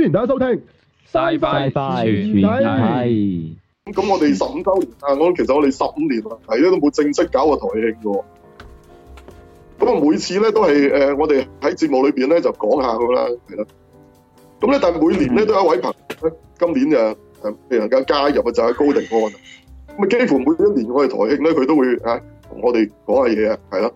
歡迎大家收聽，拜拜拜拜。咁我哋十五周年啊！我、嗯、其實我哋十五年啦，係咧都冇正式搞過台慶嘅。咁啊，每次咧都係誒，我哋喺節目裏邊咧就講下咁啦，係咯。咁咧，但係每年咧都有一位朋友，嗯、今年就誒突然間加入啊，就係高迪安。咁啊，幾乎每一年我哋台慶咧，佢都會啊同我哋講下嘢啊，係咯，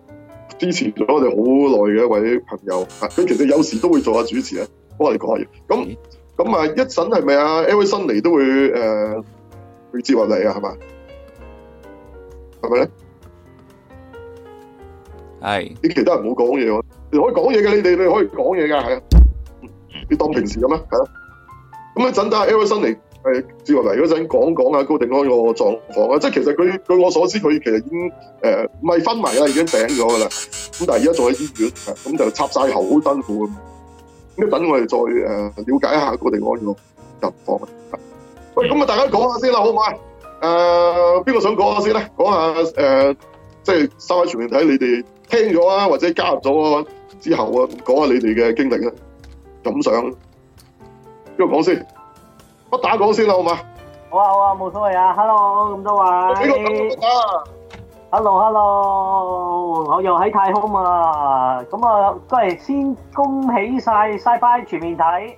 支持咗我哋好耐嘅一位朋友啊。佢其實有時都會做下主持啊。幫我哋講下嘢，咁咁啊！一陣係咪啊 LA 辛尼嚟都會誒、呃、接話嚟啊，係嘛？係咪咧？係是，啲其他人唔好講嘢，你可以講嘢嘅，你哋你可以講嘢噶，係啊，你當平時咁啊。咁一陣等阿 LA 辛尼嚟誒接話嚟嗰陣，講講啊，高定安個狀況啊。即係其實佢據我所知，佢其實已經誒唔係昏迷啦，已經病咗噶啦。咁但係而家仲喺醫院，咁就插晒喉，好辛苦咁。咁等我哋再誒瞭解一下個地方喎，入房。喂，咁啊，大家講下先啦，好唔好啊？誒，邊個想講下先咧？講下誒，即係收喺全面睇你哋聽咗啊，或者加入咗之後啊，講下你哋嘅經歷啊，感想。邊個講先？不打講先啦，好唔好啊？好啊好啊，冇所謂啊。Hello，咁多位。邊個打啊？hello hello，我又喺太空啊！咁啊，都係先恭喜晒，《Sci-Fi 全面睇》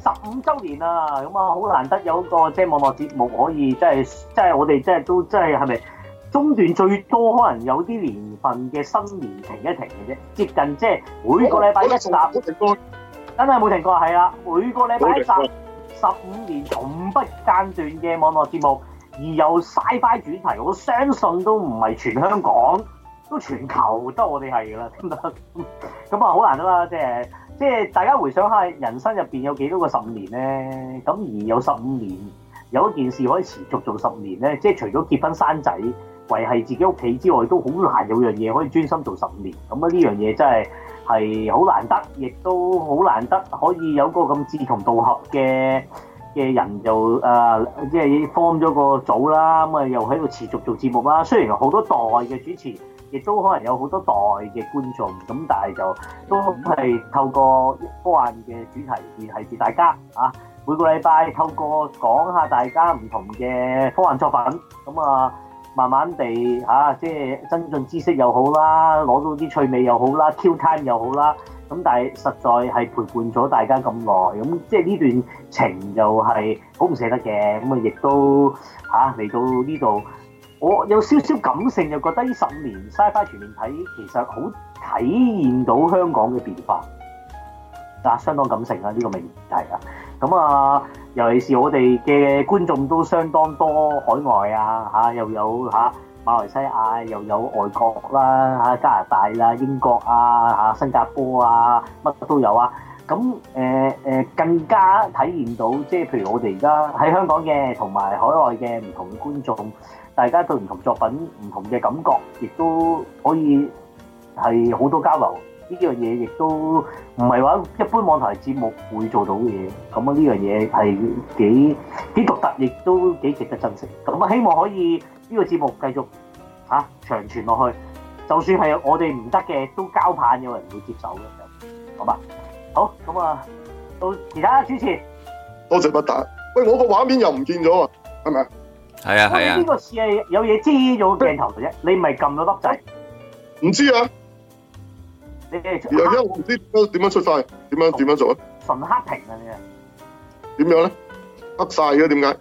十五周年啊！咁啊，好難得有個即係、即係、網絡節目可以即係即係我哋即係都即係係咪中段最多？可能有啲年份嘅新年停一停嘅啫，接近即係每個禮拜一集，真係冇停過，係啦、啊，每個禮拜一集十五年從不間斷嘅網絡節目。而又 Sci-Fi 主題，我相信都唔係全香港，都全球我們是的 得我哋係噶啦。咁、就、啊、是，好難得啦！即係即係大家回想一下，人生入面有幾多個十五年咧？咁而有十五年有一件事可以持續做十五年咧，即、就、係、是、除咗結婚生仔維係自己屋企之外，都好難有樣嘢可以專心做十五年。咁啊，呢樣嘢真係係好難得，亦都好難得可以有個咁志同道合嘅。嘅人就誒，即係 form 咗個組啦，咁啊又喺度持續做節目啦。雖然好多代嘅主持，亦都可能有好多代嘅觀眾，咁但係就都係透過科幻嘅主題而提示大家啊。每個禮拜透過講下大家唔同嘅科幻作品，咁啊慢慢地吓，即係增進知識又好啦，攞到啲趣味又好啦，Q time 又好啦。咁但係實在係陪伴咗大家咁耐，咁即係呢段情就係好唔捨得嘅，咁啊亦都嚟到呢度，我有少少感性，又覺得呢十五年 Sci-Fi 全面睇，其實好體現到香港嘅變化，相當感性啊呢、呢個問題啊，咁啊，尤其是我哋嘅觀眾都相當多海外啊，又有馬來西亞又有外國啦，嚇加拿大啦、英國啊、嚇新加坡啊，乜都有啊。咁誒誒，更加體驗到，即係譬如我哋而家喺香港嘅，同埋海外嘅唔同觀眾，大家對唔同作品唔同嘅感覺，亦都可以係好多交流。呢樣嘢亦都唔係話一般網台節目會做到嘅嘢。咁啊，呢樣嘢係幾幾獨特，亦都幾值得珍惜。咁啊，希望可以。呢個節目繼續吓長存落去，就算係我哋唔得嘅，都交棒有人會接手嘅。好嘛，好咁啊，到其他主持。多謝不打。喂，我個畫面又唔見咗啊，係咪？係啊係啊。呢個是係有嘢遮住鏡頭嘅啫，你唔係撳咗粒仔？唔知啊。而家我唔知點樣出晒，點樣點樣做咧？純黑屏啊！你啊，點樣咧？黑晒咗，點解？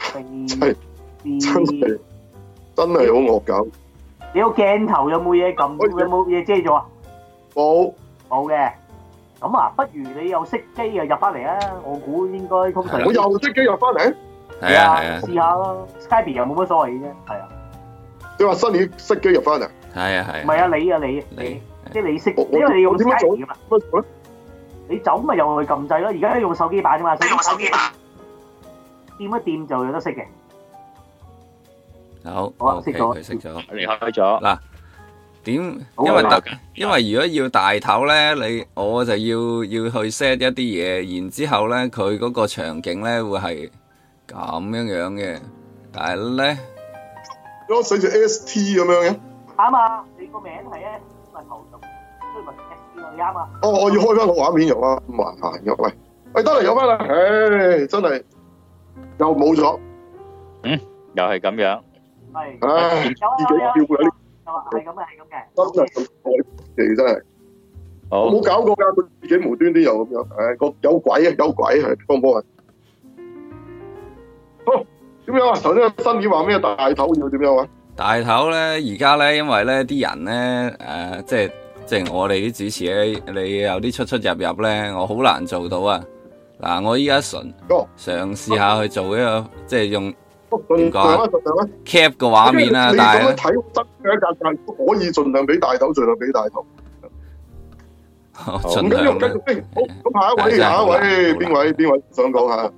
係。真係真係好惡搞！你個鏡頭有冇嘢撳？有冇嘢遮咗啊？冇冇嘅。咁啊，不如你又熄機啊，入翻嚟啊！我估應該通常我又熄機入翻嚟。係啊，試下咯。Skype 又冇乜所謂啫。係啊。你話 Sunny 熄機入翻嚟啊？係啊係。唔係啊，你啊你你即係你熄，因為你要點乜做點乜做咧？你走咪又去撳掣咯。而家都用手機版啊嘛，用手機版掂一掂就有得識嘅。好，O K，佢熄咗，離開咗。嗱，點？因為得，因為如果要大頭咧，你我就要要去 set 一啲嘢，然之後咧，佢嗰個場景咧會係咁樣樣嘅。但係咧，我想住 S T 咁樣嘅。啱啊，你個名係咧，咪頭像追埋 S T 咯，你啱啊。哦，我要開翻個畫面入啦，慢行入，喂，喂，得嚟又翻啦，唉，真係又冇咗，嗯，又係咁樣。唉，係啊、自己吊鬼，係咁嘅，係咁嘅，真係咁耐期真係，我冇搞過噶，佢自己無端端又咁樣，個有鬼啊，有鬼，幫唔幫啊？好，點樣啊？頭先個新點話咩大頭要點樣啊？大頭咧，而家咧，因為咧啲人咧，誒、呃，即係即係我哋啲主持咧，你有啲出出入入咧，我好難做到啊。嗱，我依家純嘗試下去做一個，哦、即係用。盡量啦，盡量啦。cap 個畫面啦，但係睇得嘅價格可以盡量俾大頭，盡量俾大頭。好，唔緊要，繼續先。好，咁下一位，下一位，邊位？邊位想講下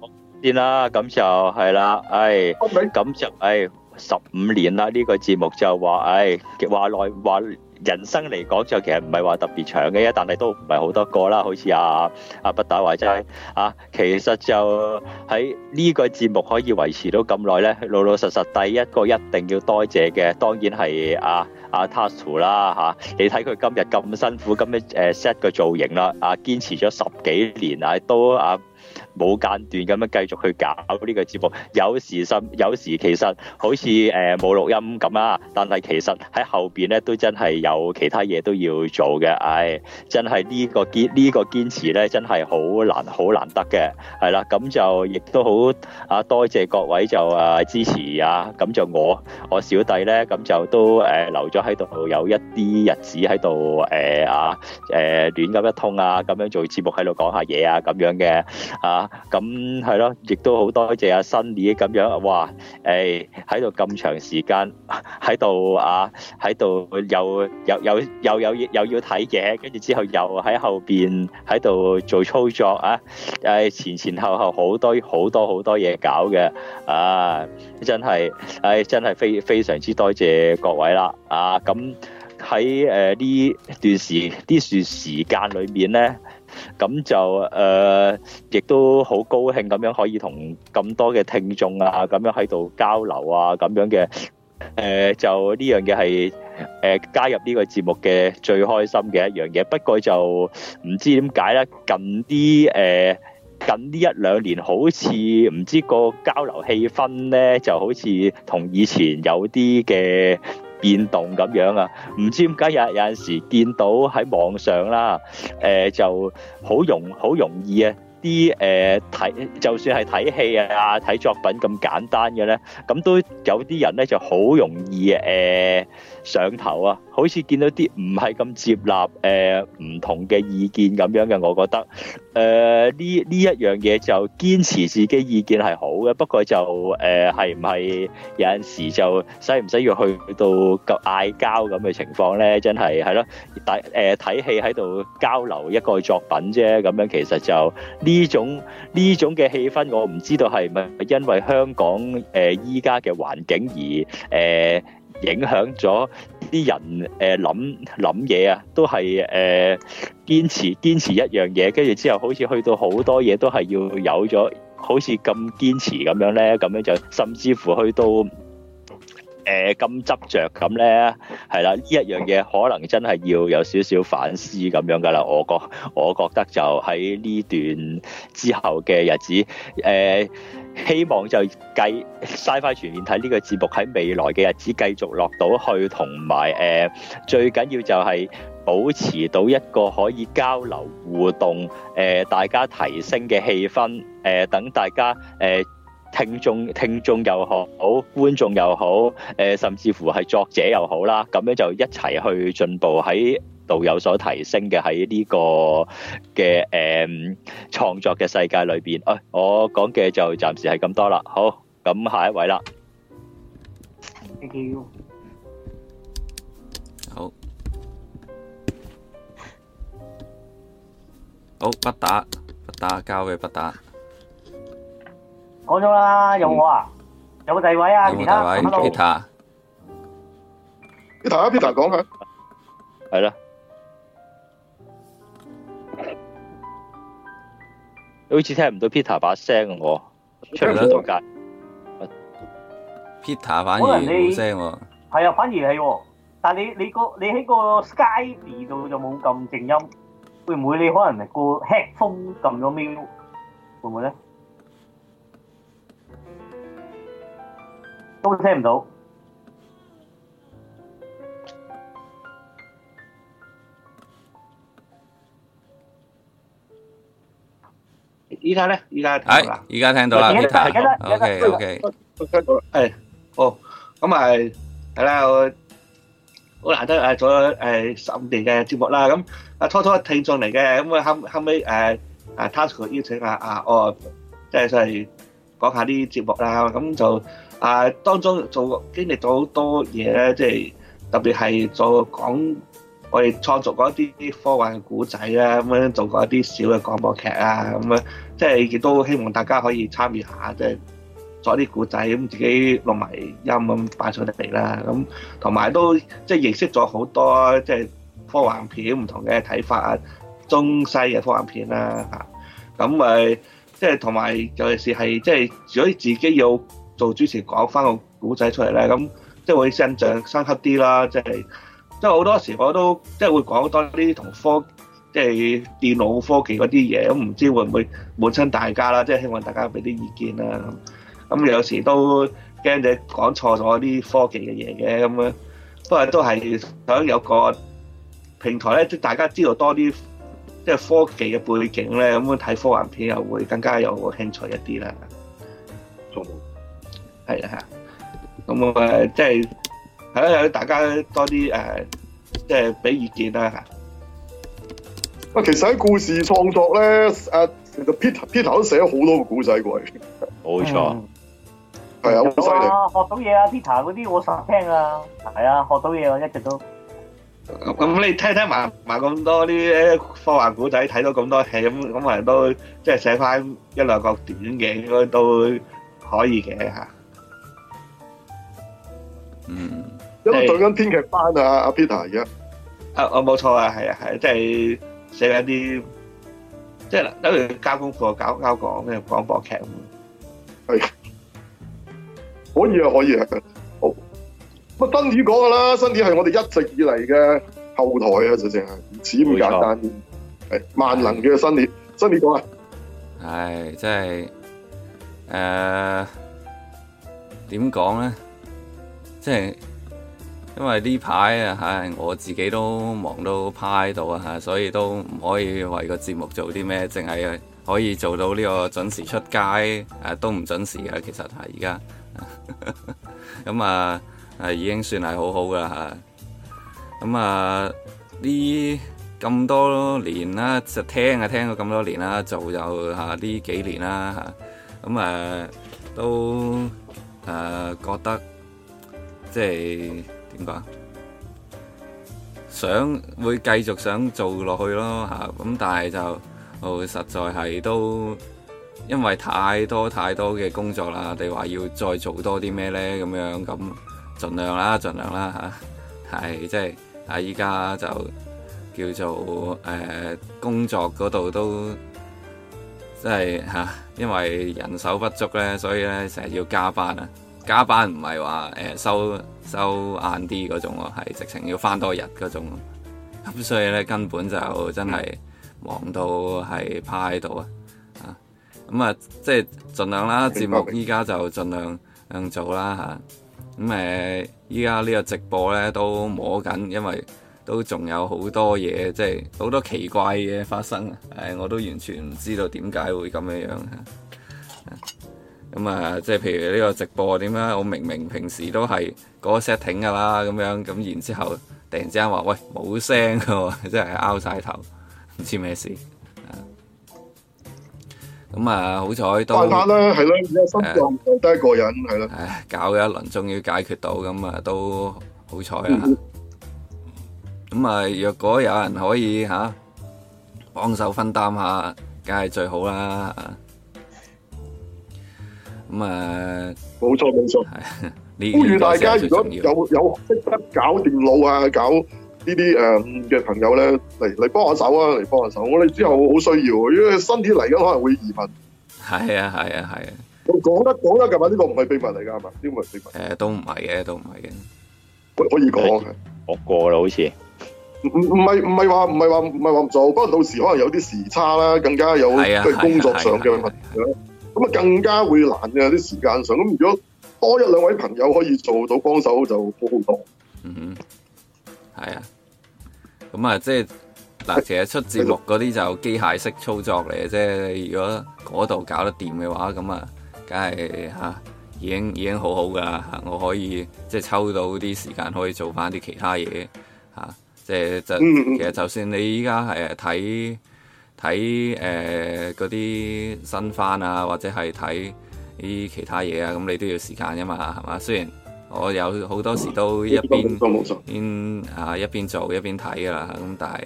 先啦。咁就係啦，哎，咁就，哎，十五年啦，呢個節目就話，哎，話來話。人生嚟講就其實唔係話特別長嘅，但係都唔係好多個啦。好似阿阿不打話齋啊，其實就喺呢個節目可以維持到咁耐咧，老老實實第一個一定要多謝嘅，當然係阿阿 Tasuku 啦嚇、啊。你睇佢今日咁辛苦，咁樣誒 set 個造型啦，啊堅持咗十幾年啊，都啊～冇間斷咁樣繼續去搞呢個節目，有時甚有時其實好似誒冇錄音咁啊，但係其實喺後邊咧都真係有其他嘢都要做嘅，唉，真係呢個堅呢個堅持咧真係好難好難得嘅，係啦，咁就亦都好啊，多謝各位就啊支持啊，咁就我我小弟咧咁就都誒留咗喺度，有一啲日子喺度誒啊誒亂咁一通啊，咁樣做節目喺度講下嘢啊咁樣嘅啊。咁係咯，亦都好多謝阿 Sunny 咁樣，哇！誒，喺度咁長時間喺度啊，喺度又又又又有又要睇嘢，跟住之後又喺後邊喺度做操作啊！誒，前前後後好多好多好多嘢搞嘅，啊，真係，誒，真係非非常之多謝各位啦！啊，咁喺誒呢段時間呢段時間裏面咧。咁就誒，亦都好高興咁樣可以同咁多嘅聽眾啊，咁樣喺度交流啊，咁樣嘅誒，就呢樣嘢係誒加入呢個節目嘅最開心嘅一樣嘢。不過就唔知點解咧，近啲誒，近呢一兩年好似唔知個交流氣氛咧，就好似同以前有啲嘅。變動咁樣啊，唔知點解有有陣時見到喺網上啦，誒就好容好容易啊，啲誒睇就算係睇戲啊、睇作品咁簡單嘅咧，咁都有啲人咧就好容易誒。上頭啊，好似見到啲唔係咁接納誒唔同嘅意見咁樣嘅，我覺得誒呢呢一樣嘢就堅持自己意見係好嘅，不過就誒係唔係有陣時就使唔使要去到個嗌交咁嘅情況呢？真係係咯，睇誒睇戲喺度交流一個作品啫，咁樣其實就呢種呢種嘅氣氛，我唔知道係咪因為香港誒依家嘅環境而誒。影響咗啲人誒諗諗嘢啊，都係誒、呃、堅持堅持一樣嘢，跟住之後好似去到好多嘢都係要有咗好似咁堅持咁樣咧，咁樣就甚至乎去到誒咁、呃、執着咁咧，係啦，呢一樣嘢可能真係要有少少反思咁樣噶啦，我覺我覺得就喺呢段之後嘅日子誒。呃希望就 Sci-Fi 全面睇呢個節目喺未來嘅日子繼續落到去，同埋、呃、最緊要就係保持到一個可以交流互動，呃、大家提升嘅氣氛、呃，等大家誒、呃、聽眾聽眾又好，觀眾又好、呃，甚至乎係作者又好啦，咁樣就一齊去進步喺度有所提升嘅喺呢個嘅、誒創作嘅世界裏邊，誒我講嘅就暫時係咁多啦。好，咁下一位啦。好，好，不打不打，交俾不打。講咗啦，有我啊，有冇第二位啊？其他，其他，其他，Peter 講下，係啦。好似聽唔到 Peter 把聲啊！咁出唔到街，Peter 反而冇聲喎。係啊，反而係喎。但係你你個你喺個 Skype 度就冇咁靜音，會唔會你可能係個 headphone 撳咗咪？會唔會咧？都聽唔到。依家咧，依家聽到啦，依家聽到啦，OK OK，聽到，係，哦，咁啊，係啦，我好難得誒做咗十五年嘅節目啦，咁阿初初聽眾嚟嘅，咁啊後後尾誒啊，Tasuku 邀請阿阿我，即係即係講下啲節目啦，咁就啊當中做經歷咗好多嘢咧，即係特別係做講。我哋創作過一啲科幻嘅古仔啦，咁樣做過一啲小嘅廣播劇啊，咁樣即係亦都希望大家可以參與下，即係作啲古仔，咁自己錄埋音咁擺出嚟啦。咁同埋都即係認識咗好多即係科幻片唔同嘅睇法啊，中西嘅科幻片啦嚇。咁咪即係同埋尤其是係即係如果自己要做主持講翻個古仔出嚟咧，咁即係會印象深刻啲啦，即係。因為好多時我都即係會講多啲同科，即係電腦科技嗰啲嘢，咁唔知會唔會滿親大家啦？即係希望大家俾啲意見啦。咁有時都驚你講錯咗啲科技嘅嘢嘅咁樣，不過都係想有個平台咧，即大家知道多啲即係科技嘅背景咧，咁樣睇科幻片又會更加有興趣一啲啦。係呀係呀，咁誒即係。係啦，大家多啲誒，即係俾意見啦嚇。啊，其實喺故事創作咧，誒，其實 Peter Peter 都寫咗好多個古仔過嚟，冇錯，係啊，好犀利。學到嘢啊，Peter 嗰啲我成日聽啊，係啊，學到嘢，我一直都。咁你聽聽埋埋咁多啲科幻古仔，睇到咁多戲，咁咁係都即係寫翻一兩個短嘅，應該都可以嘅嚇。嗯。因為讀緊編劇班是啊，阿 Peter 而家，啊我冇錯啊，係啊係，即係寫緊啲，即係嗱，例如交功課、交交講咩廣播劇咁。係、啊啊、可以啊，可以啊，好。乜新點講噶啦？新點係我哋一直以嚟嘅後台錯啊，就正啊，唔似咁簡單。係萬能嘅新點，新點講啊！唉，即係誒，點講咧？即係。因為呢排啊，我自己都忙到拍到派到啊，吓，所以都唔可以為個節目做啲咩，淨係可以做到呢個準時出街，誒，都唔準時嘅，其實係而家，咁 啊、嗯嗯嗯，已經算係好好噶啦，咁、嗯、啊，呢、嗯、咁多年啦，就聽啊聽咗咁多年啦，做就吓呢、啊、幾年啦，吓、嗯，咁啊都誒覺得即係。點解？想會繼續想做落去咯吓，咁但係就，哦，實在係都因為太多太多嘅工作啦，你話要再做多啲咩咧？咁樣咁盡量啦，盡量啦吓，係、啊、即係喺依家就叫做誒、呃、工作嗰度都即係吓、啊，因為人手不足咧，所以咧成日要加班啊。加班唔係話誒收收晏啲嗰種喎，係直情要翻多日嗰種，咁所以咧根本就真係忙到係趴喺度啊！啊，咁啊，即係盡量啦，節目依家就盡量，量做啦嚇，咁誒，依家呢個直播咧都摸緊，因為都仲有好多嘢，即係好多奇怪嘅發生啊！我都完全唔知道點解會咁樣樣嚇咁啊，即係譬如呢個直播點樣？我明明平時都係嗰個 setting 噶啦，咁樣咁，然之後突然之間話喂，冇聲嘅，真係拗晒頭，唔知咩事。咁啊，好彩都快啲啦，係咯，而家新帳就得一個人，係咯，唉，搞咗一輪終於解決到，咁啊都好彩啦。咁啊，若果有人可以吓幫手分擔下，梗係最好啦。咁啊，冇錯冇錯，呼籲 件事 大家如果有有識得搞電腦啊，搞呢啲誒嘅朋友咧，嚟嚟幫下手啊，嚟幫下手，我哋之後好需要、啊，因為新年嚟緊可能會移民。係啊係啊係啊，我講得講得，係嘛、啊？呢、這個唔係秘密嚟噶，係嘛？呢個係秘密。誒、呃，都唔係嘅，都唔係嘅，可可以講。我過啦，好似唔唔唔係唔係話唔係話唔做，不過到時可能有啲時差啦，更加有即係工作上嘅問題。咁啊，更加會難嘅啲時間上。咁如果多一兩位朋友可以做到幫手，就好好多。嗯哼，係啊。咁啊，即係嗱，其實出節目嗰啲就機械式操作嚟嘅啫。如果嗰度搞得掂嘅話，咁啊，梗係嚇已經已經好好噶啦。我可以即係抽到啲時間，可以做翻啲其他嘢嚇、啊。即係就、嗯、哼其實，就算你依家係睇。睇誒嗰啲新番啊，或者係睇啲其他嘢啊，咁你都要時間嘅嘛，係嘛？雖然我有好多時都一邊啊一邊做一邊睇噶啦，咁但係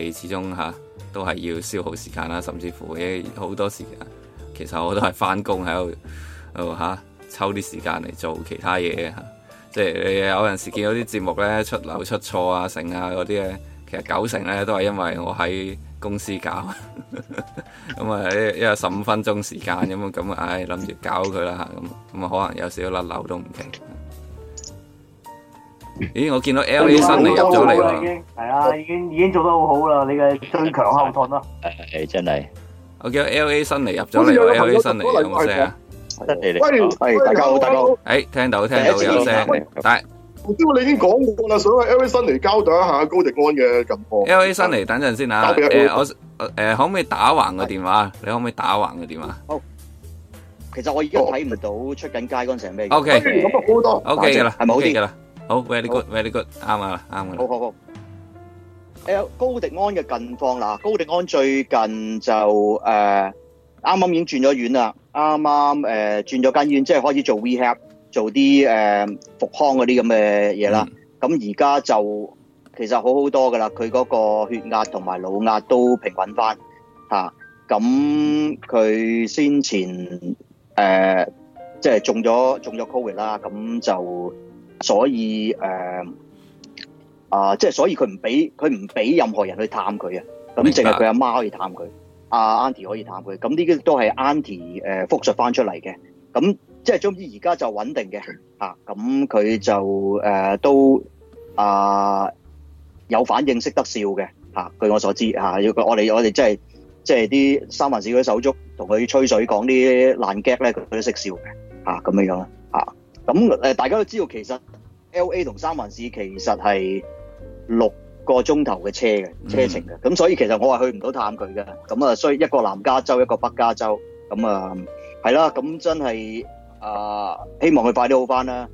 你始終嚇、啊、都係要消耗時間啦，甚至乎嘅好多時間，其實我都係翻工喺度，嚇、啊、抽啲時間嚟做其他嘢、啊、即係你有陣時見到啲節目咧出漏出錯啊成啊嗰啲咧，其實九成咧都係因為我喺。公司搞，咁啊一一個十五分鐘時間咁啊咁啊，唉諗住搞佢啦，咁咁啊可能有少少甩漏都唔驚。咦，我見到 LA 辛尼入咗嚟啦，係啊，已經已經做得好好啦，你嘅最強後盾啦！係真係。我見到，LA 辛尼入咗嚟啦，LA 辛尼有冇聲啊？新嚟嚟，喂大哥，哎聽到聽到有聲，但。唔知你已經講過啦。想話 LA 辛尼交代一下高迪安嘅近況。LA 辛尼，等陣先啊。打誒，我誒，可唔可以打橫個電話？你可唔可以打橫個電話？好，其實我而家睇唔到出緊街嗰陣時係咩。O K，咁啊好多。O K 啦，係冇啲嘅啦。好 very good, very good？啱啊，啱啊。好好好。L 高迪安嘅近況啦，高迪安最近就誒，啱啱已經轉咗院啦，啱啱誒轉咗間院，即係開始做 rehab 做啲誒、呃、復康嗰啲咁嘅嘢啦，咁而家就其實好好多噶啦，佢嗰個血壓同埋腦壓都平穩翻吓。咁、啊、佢、嗯、先前誒即係中咗中咗 Covid 啦，咁、嗯、就所以誒啊，即、呃、係、呃就是、所以佢唔俾佢唔俾任何人去探佢啊。咁淨係佢阿媽可以探佢，阿 Auntie 可以探佢。咁呢啲都係 Auntie、呃、復述翻出嚟嘅。咁即係終於而家就穩定嘅，咁佢就誒、呃、都啊有反應，識得笑嘅嚇、啊。據我所知、啊、我我哋我哋即係即係啲三藩市佢啲手足同佢吹水講啲爛 gag 咧，佢都識笑嘅咁、啊、樣樣嚇。咁、啊呃、大家都知道其實 L.A. 同三藩市其實係六個鐘頭嘅車嘅車程嘅，咁、嗯、所以其實我係去唔到探佢嘅。咁啊，所以一個南加州一個北加州，咁啊係啦，咁、嗯、真係。啊！希望佢快啲好翻啦！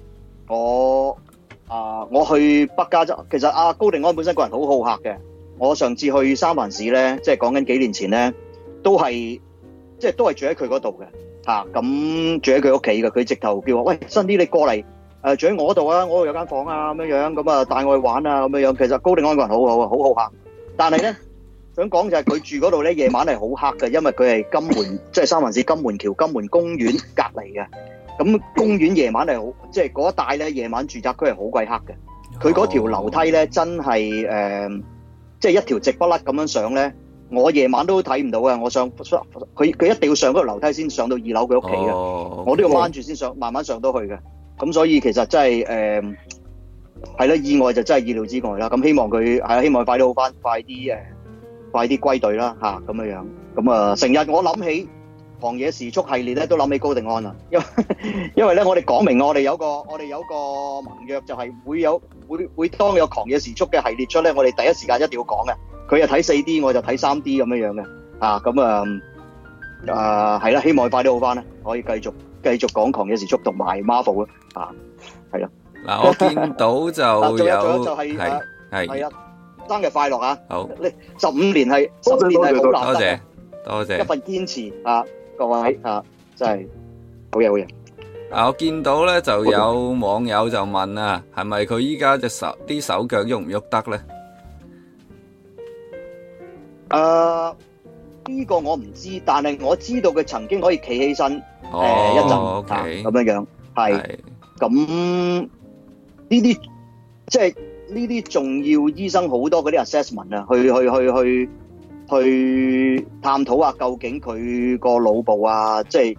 我啊，我去北加州其實阿、啊、高定安本身個人好好客嘅。我上次去三藩市咧，即係講緊幾年前咧，都係即係都係住喺佢嗰度嘅。吓、啊、咁住喺佢屋企嘅，佢直頭叫我喂，Sunny 你過嚟誒、呃、住喺我度啊！我度有間房啊，咁樣樣咁啊帶我去玩啊，咁樣樣。其實高定安個人好好啊，好好客。但係咧。想講就係佢住嗰度咧，夜晚係好黑嘅，因為佢係金門，即係三藩市金門橋、金門公園隔離嘅。咁公園夜晚係好，即係嗰帶咧，夜晚住宅區係好鬼黑嘅。佢嗰條樓梯咧，真係誒，即、呃、係、就係、一條直不甩咁樣上咧。我夜晚都睇唔到嘅。我上佢，佢一定要上嗰個樓梯先上到二樓佢屋企嘅。哦 okay. 我都要彎住先上，慢慢上到去嘅。咁所以其實真係誒，係、呃、啦，意外就真係意料之外啦。咁希望佢，希望快啲好翻，快啲誒。呃快啲歸隊啦嚇，咁樣樣，咁啊成日我諗起狂野時速系列咧，都諗起高定安啦，因因為咧我哋講明我哋有個我哋有個盟約，就係會有會會當有狂野時速嘅系列出咧，我哋第一時間一定要講嘅。佢又睇四 D，我就睇三 D 咁樣樣嘅啊，咁啊啊係啦，希望快啲好翻啦，可以繼續繼續講狂野時速同埋 Marvel 咯啊，係啦。嗱，我見到就仲有係，係啊。生日快樂啊！好，你，十五謝年係十年係好難得嘅多謝，多謝一份堅持啊，謝各位啊，真係好嘢好嘢啊！我見到咧就有網友就問啊，係咪佢依家隻手啲手腳喐唔喐得咧？誒、呃，呢、這個我唔知，但係我知道佢曾經可以企起身誒、哦呃、一陣吓咁樣樣，係咁呢啲即係。呢啲重要醫生好多嗰啲 assessment 啊，去去去去去探討下究竟佢個腦部啊，即係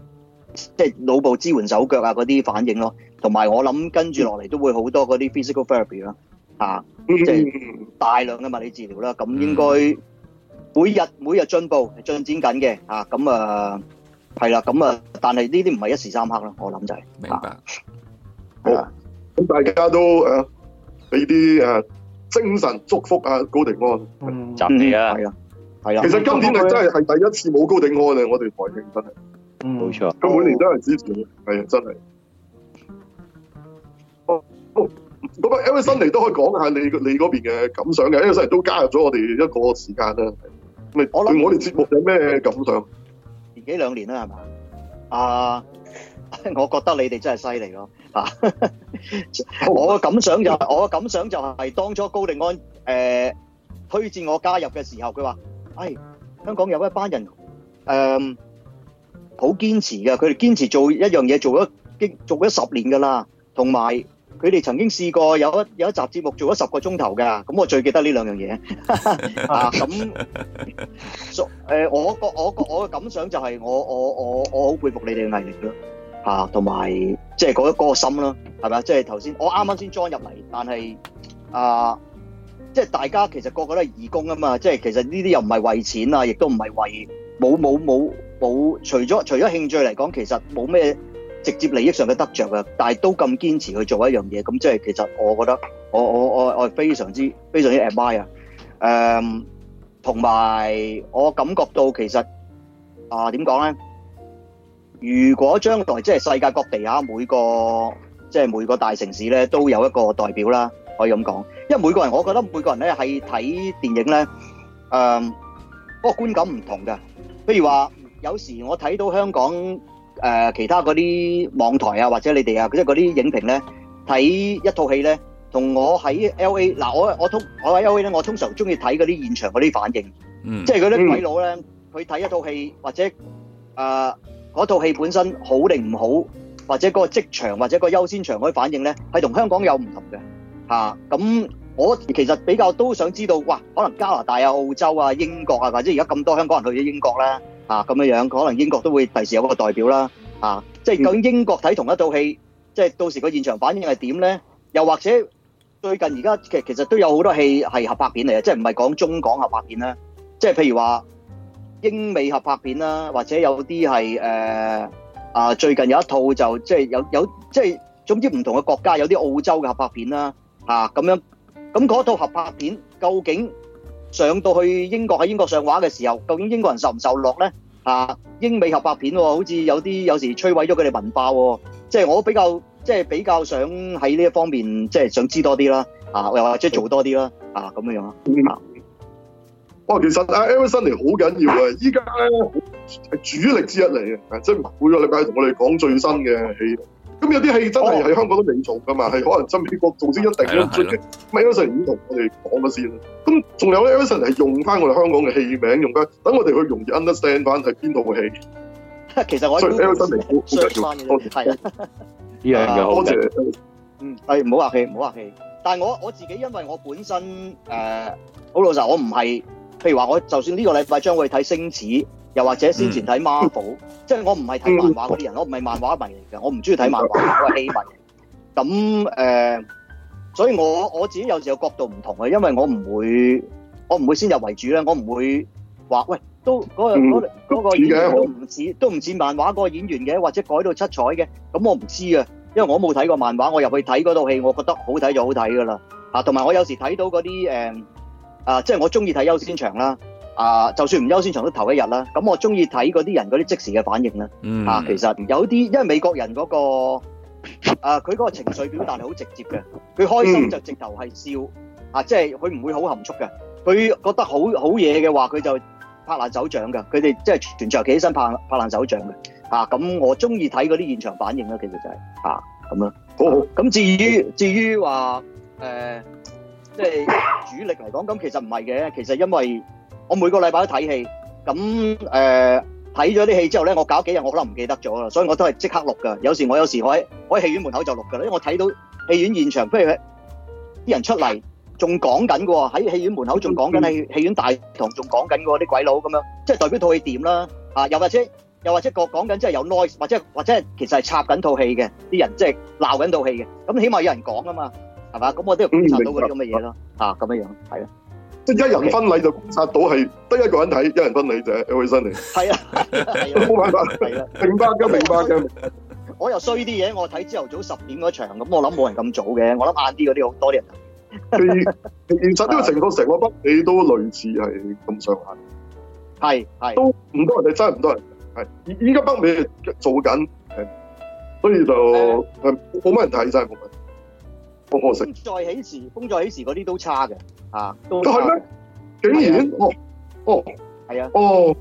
即係腦部支援手腳啊嗰啲反應咯。同埋我諗跟住落嚟都會好多嗰啲 physical therapy 啦，啊，即係大量嘅物理治療啦。咁應該每日每日進步進展緊嘅，啊，咁啊係啦，咁啊，但係呢啲唔係一時三刻啦，我諗就係明白。啊，好，咁大家都誒。啊俾啲誒精神祝福啊，高迪安，支持係啊，係啊，係啊。其實今年係真係係第一次冇高迪安咧，我哋台慶真係冇、嗯、錯，佢、哦、每年都係支持嘅，係啊真係。哦，咁啊，Every 新嚟都可以講下你你嗰邊嘅感想嘅。Every 新嚟都加入咗我哋一個時間啦，咪我諗對我哋節目有咩感想？年幾兩年啦係嘛？啊！我覺得你哋真係犀利咯！啊，我嘅感想就我嘅感想就係當初高定安誒推薦我加入嘅時候，佢話：誒香港有一班人誒好堅持嘅，佢哋堅持做一樣嘢做咗經做咗十年㗎啦，同埋佢哋曾經試過有一有一集節目做咗十個鐘頭㗎，咁我最記得呢兩樣嘢啊！咁誒，我個我個我嘅感想就係我我我我好佩服你哋嘅毅力咯～啊，同埋即係嗰嗰個心囉，係咪啊？即係頭先我啱啱先裝入嚟，但係啊，即係大家其實個個都係義工啊嘛，即係其實呢啲又唔係為錢啊，亦都唔係為冇冇冇冇，除咗除咗興趣嚟講，其實冇咩直接利益上嘅得著嘅，但係都咁堅持去做一樣嘢，咁即係其實我覺得我我我我非常之非常之 admire 啊，誒，同埋我感覺到其實啊點講咧？如果將來即係世界各地啊，每個即係、就是、每個大城市咧，都有一個代表啦，可以咁講。因為每個人，我覺得每個人咧係睇電影咧，誒、嗯，嗰個觀感唔同㗎。譬如話，有時我睇到香港誒、呃、其他嗰啲網台啊，或者你哋啊，即係嗰啲影評咧睇一套戲咧，同我喺 L A 嗱、呃，我我通我喺 L A 咧，我通常鍾意睇嗰啲現場嗰啲反應，即係嗰啲鬼佬咧，佢睇、嗯、一套戲或者啊。呃嗰套戲本身好定唔好，或者嗰個職場或者個優先場嗰啲反應呢，係同香港有唔同嘅嚇。咁，啊，我其實比較都想知道，哇！可能加拿大啊、澳洲啊、英國啊，或者而家咁多香港人去咗英國咧嚇咁樣樣，可能英國都會第時有一個代表啦嚇。即係講英國睇同一套戲，即係到時個現場反應係點呢？又或者最近而家其其實都有好多戲係合拍片嚟嘅，即係唔係講中港合拍片啦，即係譬如話。英美合拍片啦，或者有啲係誒啊！最近有一套就即係、就是、有有即係、就是、總之唔同嘅國家有啲澳洲嘅合拍片啦，吓、啊、咁樣咁嗰套合拍片究竟上到去英國喺英國上畫嘅時候，究竟英國人受唔受落咧？吓、啊、英美合拍片好似有啲有時摧毀咗佢哋文化，即、啊、係、就是、我比較即係、就是、比較想喺呢一方面即係、就是、想知多啲啦，啊又或者做多啲啦，啊咁樣樣啊。哇、哦，其實啊，Elson 嚟好緊要啊！依家咧係主力之一嚟嘅，即係每個禮拜同我哋講最新嘅戲。咁有啲戲真係喺香港都未做噶嘛，係、哦、可能真美國做先一定出嘅。咁 Elson 已經同我哋講咗先啦。咁仲有咧，Elson 係用翻我哋香港嘅戲名用嘅，等我哋去容易 understand 翻係邊套戲。其實我係 Elson 嚟，好好緊要。係啊，多謝，依樣嘅嗯，係唔好客氣，唔好客氣。但係我我自己因為我本身誒好、呃、老實，我唔係。譬如話我就算呢個禮拜將會睇星矢，又或者先前睇 Marvel， 即係我唔係睇漫畫嗰啲人，我唔係漫畫迷嚟嘅，我唔中意睇漫畫嗰個戲迷。咁誒、呃，所以我我自己有時嘅角度唔同嘅，因為我唔會，我唔會先入為主咧，我唔會話喂，都嗰個、那個演員都唔似， 都唔似漫畫嗰個演員嘅，或者改到七彩嘅，咁我唔知啊，因為我冇睇過漫畫，我入去睇嗰套戲，我覺得好睇就好睇噶啦。吓、啊，同埋我有時睇到嗰啲誒。嗯啊，即係我中意睇優先場啦！啊，就算唔優先場都頭一日啦，咁我中意睇嗰啲人嗰啲即時嘅反應啦。嗯、啊，其實有啲因為美國人嗰、嗰個啊，佢嗰個情緒表達係好直接嘅，佢開心就直頭係笑、嗯、啊，即係佢唔會好含蓄嘅。佢覺得好好嘢嘅話，佢就拍爛手掌㗎。佢哋即係全場企起身拍爛拍爛手掌嘅。啊，咁我中意睇嗰啲現場反應啦，其實就係、係、啊，咁啦，好好咁、哦啊、至於至於話誒。嗯即係主力嚟講，咁其實唔係嘅。其實因為我每個禮拜都睇戲，咁誒睇咗啲戲之後咧，我搞幾日我可能唔記得咗啦，所以我都係即刻錄噶。有時我有時我喺我喺戲院門口就錄噶啦，因為我睇到戲院現場，譬如啲人出嚟仲講緊嘅喎，喺戲院門口仲講緊戲，戲院大堂仲講緊嘅喎，啲鬼佬咁樣，即係代表套戲點啦。啊，又或者又或者講講緊即係有 noise，或者或者係其實係插緊套戲嘅，啲人即係鬧緊套戲嘅，咁起碼有人講啊嘛。咁我都觀察到嗰啲咁嘅嘢咯，啊咁嘅樣係咯，即係一人婚禮就觀察到係得一個人睇，一人婚禮就一位新人。係啊，係冇辦法，明白嘅，明白嘅。我又衰啲嘢，我睇朝頭早十點嗰場，咁我諗冇人咁早嘅，我諗晏啲嗰啲好多啲人。其實呢個情況成個北美都類似係咁上下，係係都唔多人哋，真係唔多人睇。係依家北美做緊，所以就冇乜人睇，就係好可惜。風再起時，風再起時嗰啲都差嘅但、啊、都係咩？竟然哦、啊、哦，係啊哦，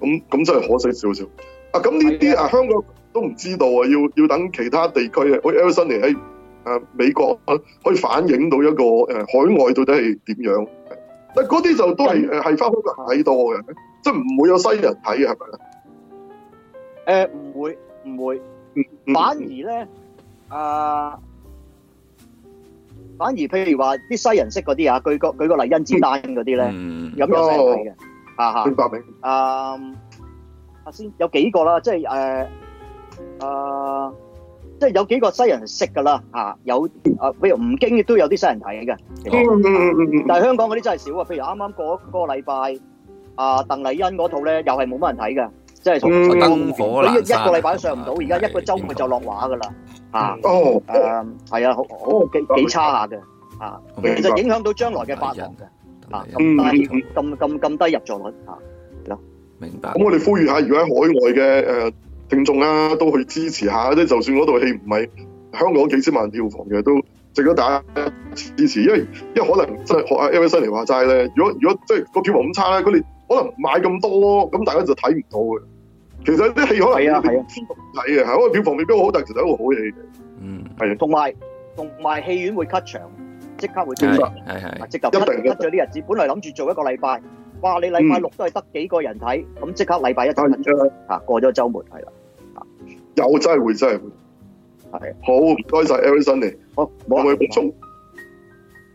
咁咁、啊哦、真係可惜少少啊。咁呢啲啊，香港都唔知道啊，要要等其他地區美國啊，LA 辛尼喺啊美國可以反映到一個海外到底係點樣？但嗰啲就都係誒係翻香港睇多嘅，即係唔會有西人睇係咪？唔會唔會，會嗯、反而咧、嗯、啊！反而，譬如話啲西人識嗰啲啊，舉個舉個例，甄子丹嗰啲咧，咁有西人睇嘅，啊、哦嗯、啊，先先有幾個啦，即係誒，啊，即係有幾個西人識噶啦，啊，有啊，比如吳京亦都有啲西人睇嘅、哦啊，但係香港嗰啲真係少啊，譬如啱啱過嗰個禮拜，阿、啊、鄧麗欣嗰套咧又係冇乜人睇嘅，即、就、係、是、從光火啦，嗯、一個禮拜都上唔到，而家、啊、一個週末就落畫噶啦。嗯啊，哦，誒，係啊，好好幾幾差下嘅，白啊，其實影響到將來嘅發行嘅，啊，咁咁咁咁低入座率，係咯、嗯，啊、明白。咁我哋呼籲下，如果喺海外嘅誒聽眾啊，都去支持下，即就算嗰套戲唔係香港幾千萬票房嘅，都值得大家支持，因為因為可能即係學阿 LA 辛尼嚟話齋咧，如果如果即係個票房咁差咧，佢哋可能買咁多，咁大家就睇唔到嘅。其實啲戲可能係啊係啊睇啊，係我票房都好，但其實都好戲。嗯，係啊。同埋同埋戲院會 cut 場，即刻會係係，即刻 cut cut 咗啲日子。本嚟諗住做一個禮拜，哇！你禮拜六都係得幾個人睇，咁即刻禮拜一就緊張。吓過咗周末係啦，有真係會，真係會。係好唔該晒，Elson 嚟，我望佢補充。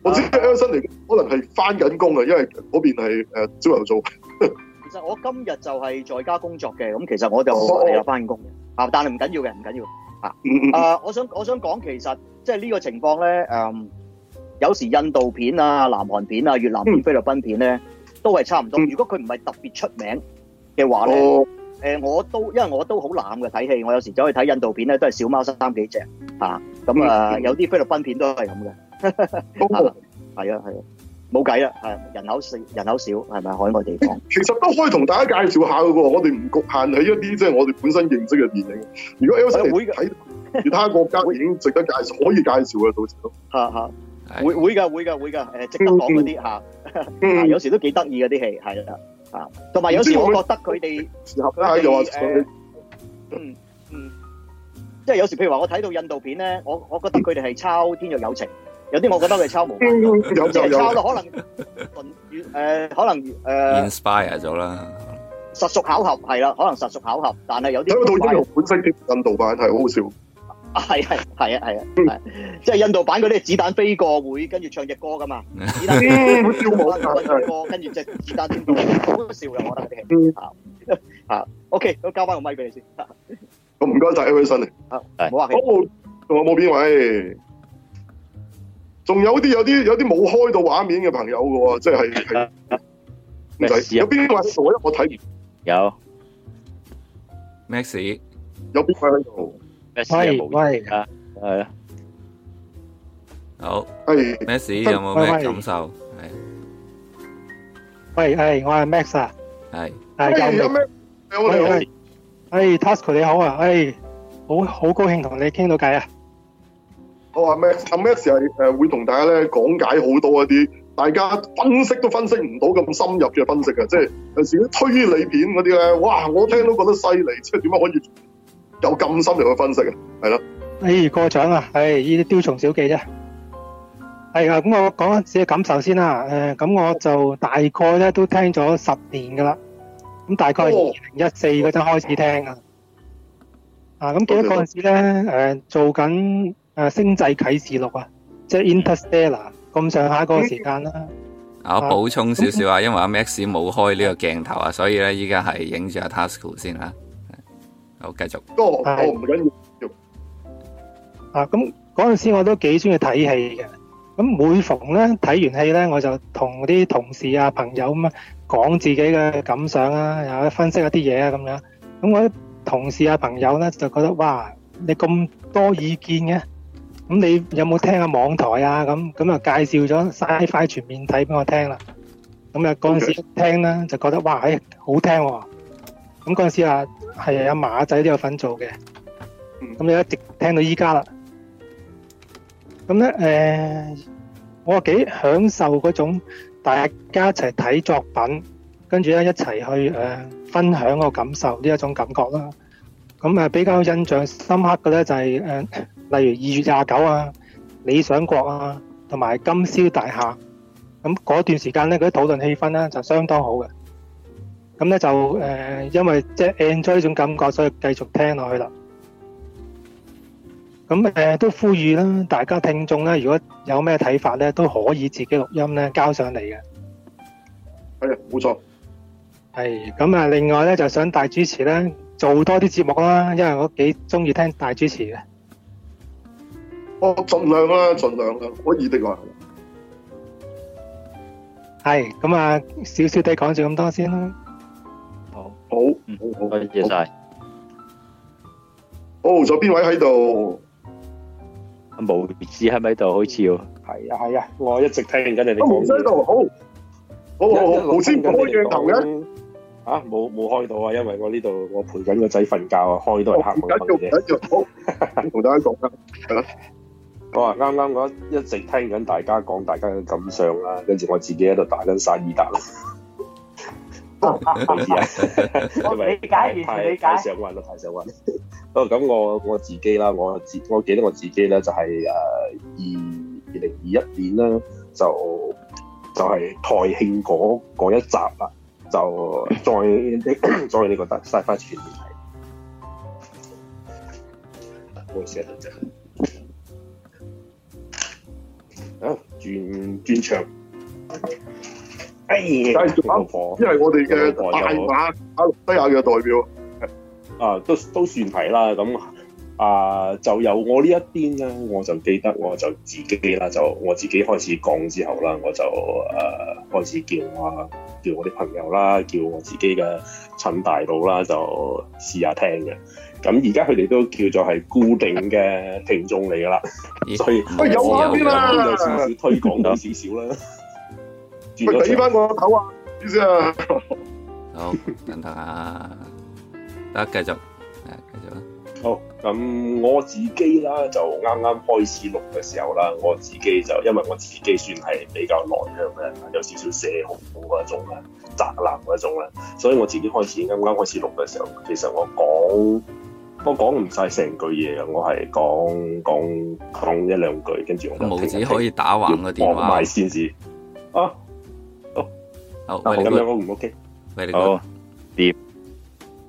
我知 Elson 嚟，可能係翻緊工啊，因為嗰邊係誒朝頭早。其實我今日就係在家工作嘅，咁其實我就係又翻工嘅嚇，oh. 但係唔緊要嘅，唔緊要嚇。啊，我想我想講，其實即係呢個情況咧，誒、um, 有時印度片啊、南韓片啊、越南片、菲律賓片咧，都係差唔多。如果佢唔係特別出名嘅話咧，誒、oh. 呃、我都因為我都好懶嘅睇戲，我有時走去睇印度片咧，都係小貓三幾隻嚇，咁、uh, 啊、oh. uh, 有啲菲律賓片都係咁嘅，都啊係啊。冇計啦，係人口少，人口少，係咪海外地方？其實都可以同大家介紹下嘅喎，我哋唔局限喺一啲即係我哋本身認識嘅電影。如果有時嚟喺其他國家已經值得介紹， 可以介紹嘅到時都嚇嚇的的，會的會嘅會嘅會嘅，誒值得講嗰啲嚇。嗯、 有時都幾得意嗰啲戲，係啦啊，同埋有，有時我覺得佢哋們適合。又嗯們、呃、嗯，嗯即係有時譬如話我睇到印度片咧，我我覺得佢哋係抄《天若有情》嗯。有啲我覺得佢抄無有，其實抄到可能越、呃、可能 inspire 咗啦，實屬巧合係啦，可能實屬巧合，但係有啲睇嗰套音本身啲印度版係好好笑，係係係啊係啊，即係印度版嗰啲子彈飛過會跟住唱隻歌噶嘛，子彈跳舞唱隻歌，跟住即子彈跳舞，好好笑啊！我覺得啲戲、嗯、啊 OK 都交翻個咪俾你先，好唔該晒，e 好啊？好，仲有冇邊位？仲有啲有啲有啲冇開到畫面嘅朋友嘅喎，即係係有邊啲話傻咗我睇唔有 Max 有邊位喺度？Max 係係啊，係啊，好，Max 有冇咩感受？係，喂喂，我係 Max 啊，係係咁，喂喂，哎，Tasuku 你好啊，哎，好好高興同你傾到偈啊！我話咩？阿、oh, Max 係誒會同大家咧講解好多一啲大家分析都分析唔到咁深入嘅分析啊。即係有時啲推理片嗰啲咧，哇！我聽都覺得犀利，即係點解可以有咁深入嘅分析、哎、啊？係咯，譬如過獎啊，誒呢啲雕蟲小技啫。係啊，咁我講一次嘅感受先啦、啊。咁、呃、我就大概咧都聽咗十年噶啦。咁大概二零一四嗰陣開始聽啊。啊、oh. oh. oh. oh. oh.，咁記得嗰陣時咧，做緊。誒，《星際啟示錄》啊，即係《Interstellar》咁上下嗰個時間啦。啊，我補充少少啊，因為阿 Max 冇開呢個鏡頭啊，所以咧依家係影住阿 Tasuku 先啦。好，繼續。我唔想肉。啊，咁嗰陣時我都幾中意睇戲嘅。咁每逢咧睇完戲咧，我就同啲同事啊、朋友咁啊講自己嘅感想啊，又分析一啲嘢啊咁樣。咁我啲同事啊、朋友咧就覺得哇，你咁多意見嘅。咁你有冇聽下網台啊？咁咁啊介紹咗《Sci-Fi 全面睇》俾我聽啦。咁啊嗰陣時聽咧，就覺得哇，哎，好聽！咁嗰陣時啊，係阿馬仔都有份做嘅。咁就一直聽到依家啦。咁咧，誒，我幾享受嗰種大家一齊睇作品，跟住咧一齊去誒分享嗰個感受呢一種感覺啦。咁啊，比較印象深刻嘅咧就係誒。例如二月廿九啊，理想國啊，同埋金宵大廈咁嗰段時間咧，佢啲討論氣氛咧就相當好嘅。咁咧就誒、呃，因為即係 enjoy 呢種感覺，所以繼續聽落去啦。咁誒、呃、都呼籲啦，大家聽眾咧，如果有咩睇法咧，都可以自己錄音咧交上嚟嘅。係啊，冇錯。係咁啊，另外咧就想大主持咧做多啲節目啦，因為我幾中意聽大主持嘅。我盡、哦、量啦、啊，盡量啦、啊，可以的個。係咁啊，少少地講住咁多先啦。好，好，嗯，好好唔好好多謝晒。哦，仲有邊位喺度？毛子喺咪度？好似喎。係啊，係啊，我一直聽緊你哋講。咁唔使度，好，好，好，好，毛子唔冇開鏡頭嘅。吓、哦，冇冇開到啊？因為我呢度我陪緊個仔瞓覺啊，開都係黑蒙蒙啫。而家仲唔同大家講啊。 我話啱啱我一直聽緊大家講，大家嘅感想啦，跟住我自己喺度打緊薩爾達啦。理解，完全理解。為理解太上腦啦，太上腦。想 哦，咁我我自己啦，我自我記得我自己咧就係誒二二零二一年啦，就就係、是、台慶嗰一集啦，就再 再呢、這個特曬翻全面。冇聲就。轉轉場，繼續講，呢係婆我哋嘅大馬阿西亞嘅代表，啊，都都算係啦。咁啊，就由我呢一邊咧，我就記得，我就自己啦，就我自己開始講之後啦，我就誒、啊、開始叫啊，叫我啲朋友啦，叫我自己嘅陳大佬啦，就試下聽嘅。咁而家佢哋都叫做係固定嘅聽眾嚟噶啦， 咦所以有下啲啦，有少少 推廣有點點，有少少啦。咪睇翻我頭啊，先生。好，等等啊，得 繼續，繼續啦。好，咁、嗯、我自己啦，就啱啱開始錄嘅時候啦，我自己就因為我自己算係比較內向嘅，有少少社恐嗰種啦，宅男嗰種啦，所以我自己開始啱啱開始錄嘅時候，其實我講。我講唔晒成句嘢啊！我係講講講一兩句，跟住我冇紙可以打橫嘅唔話先。線啊！哦哦、oh, 啊，咁樣 O 唔 O K？好點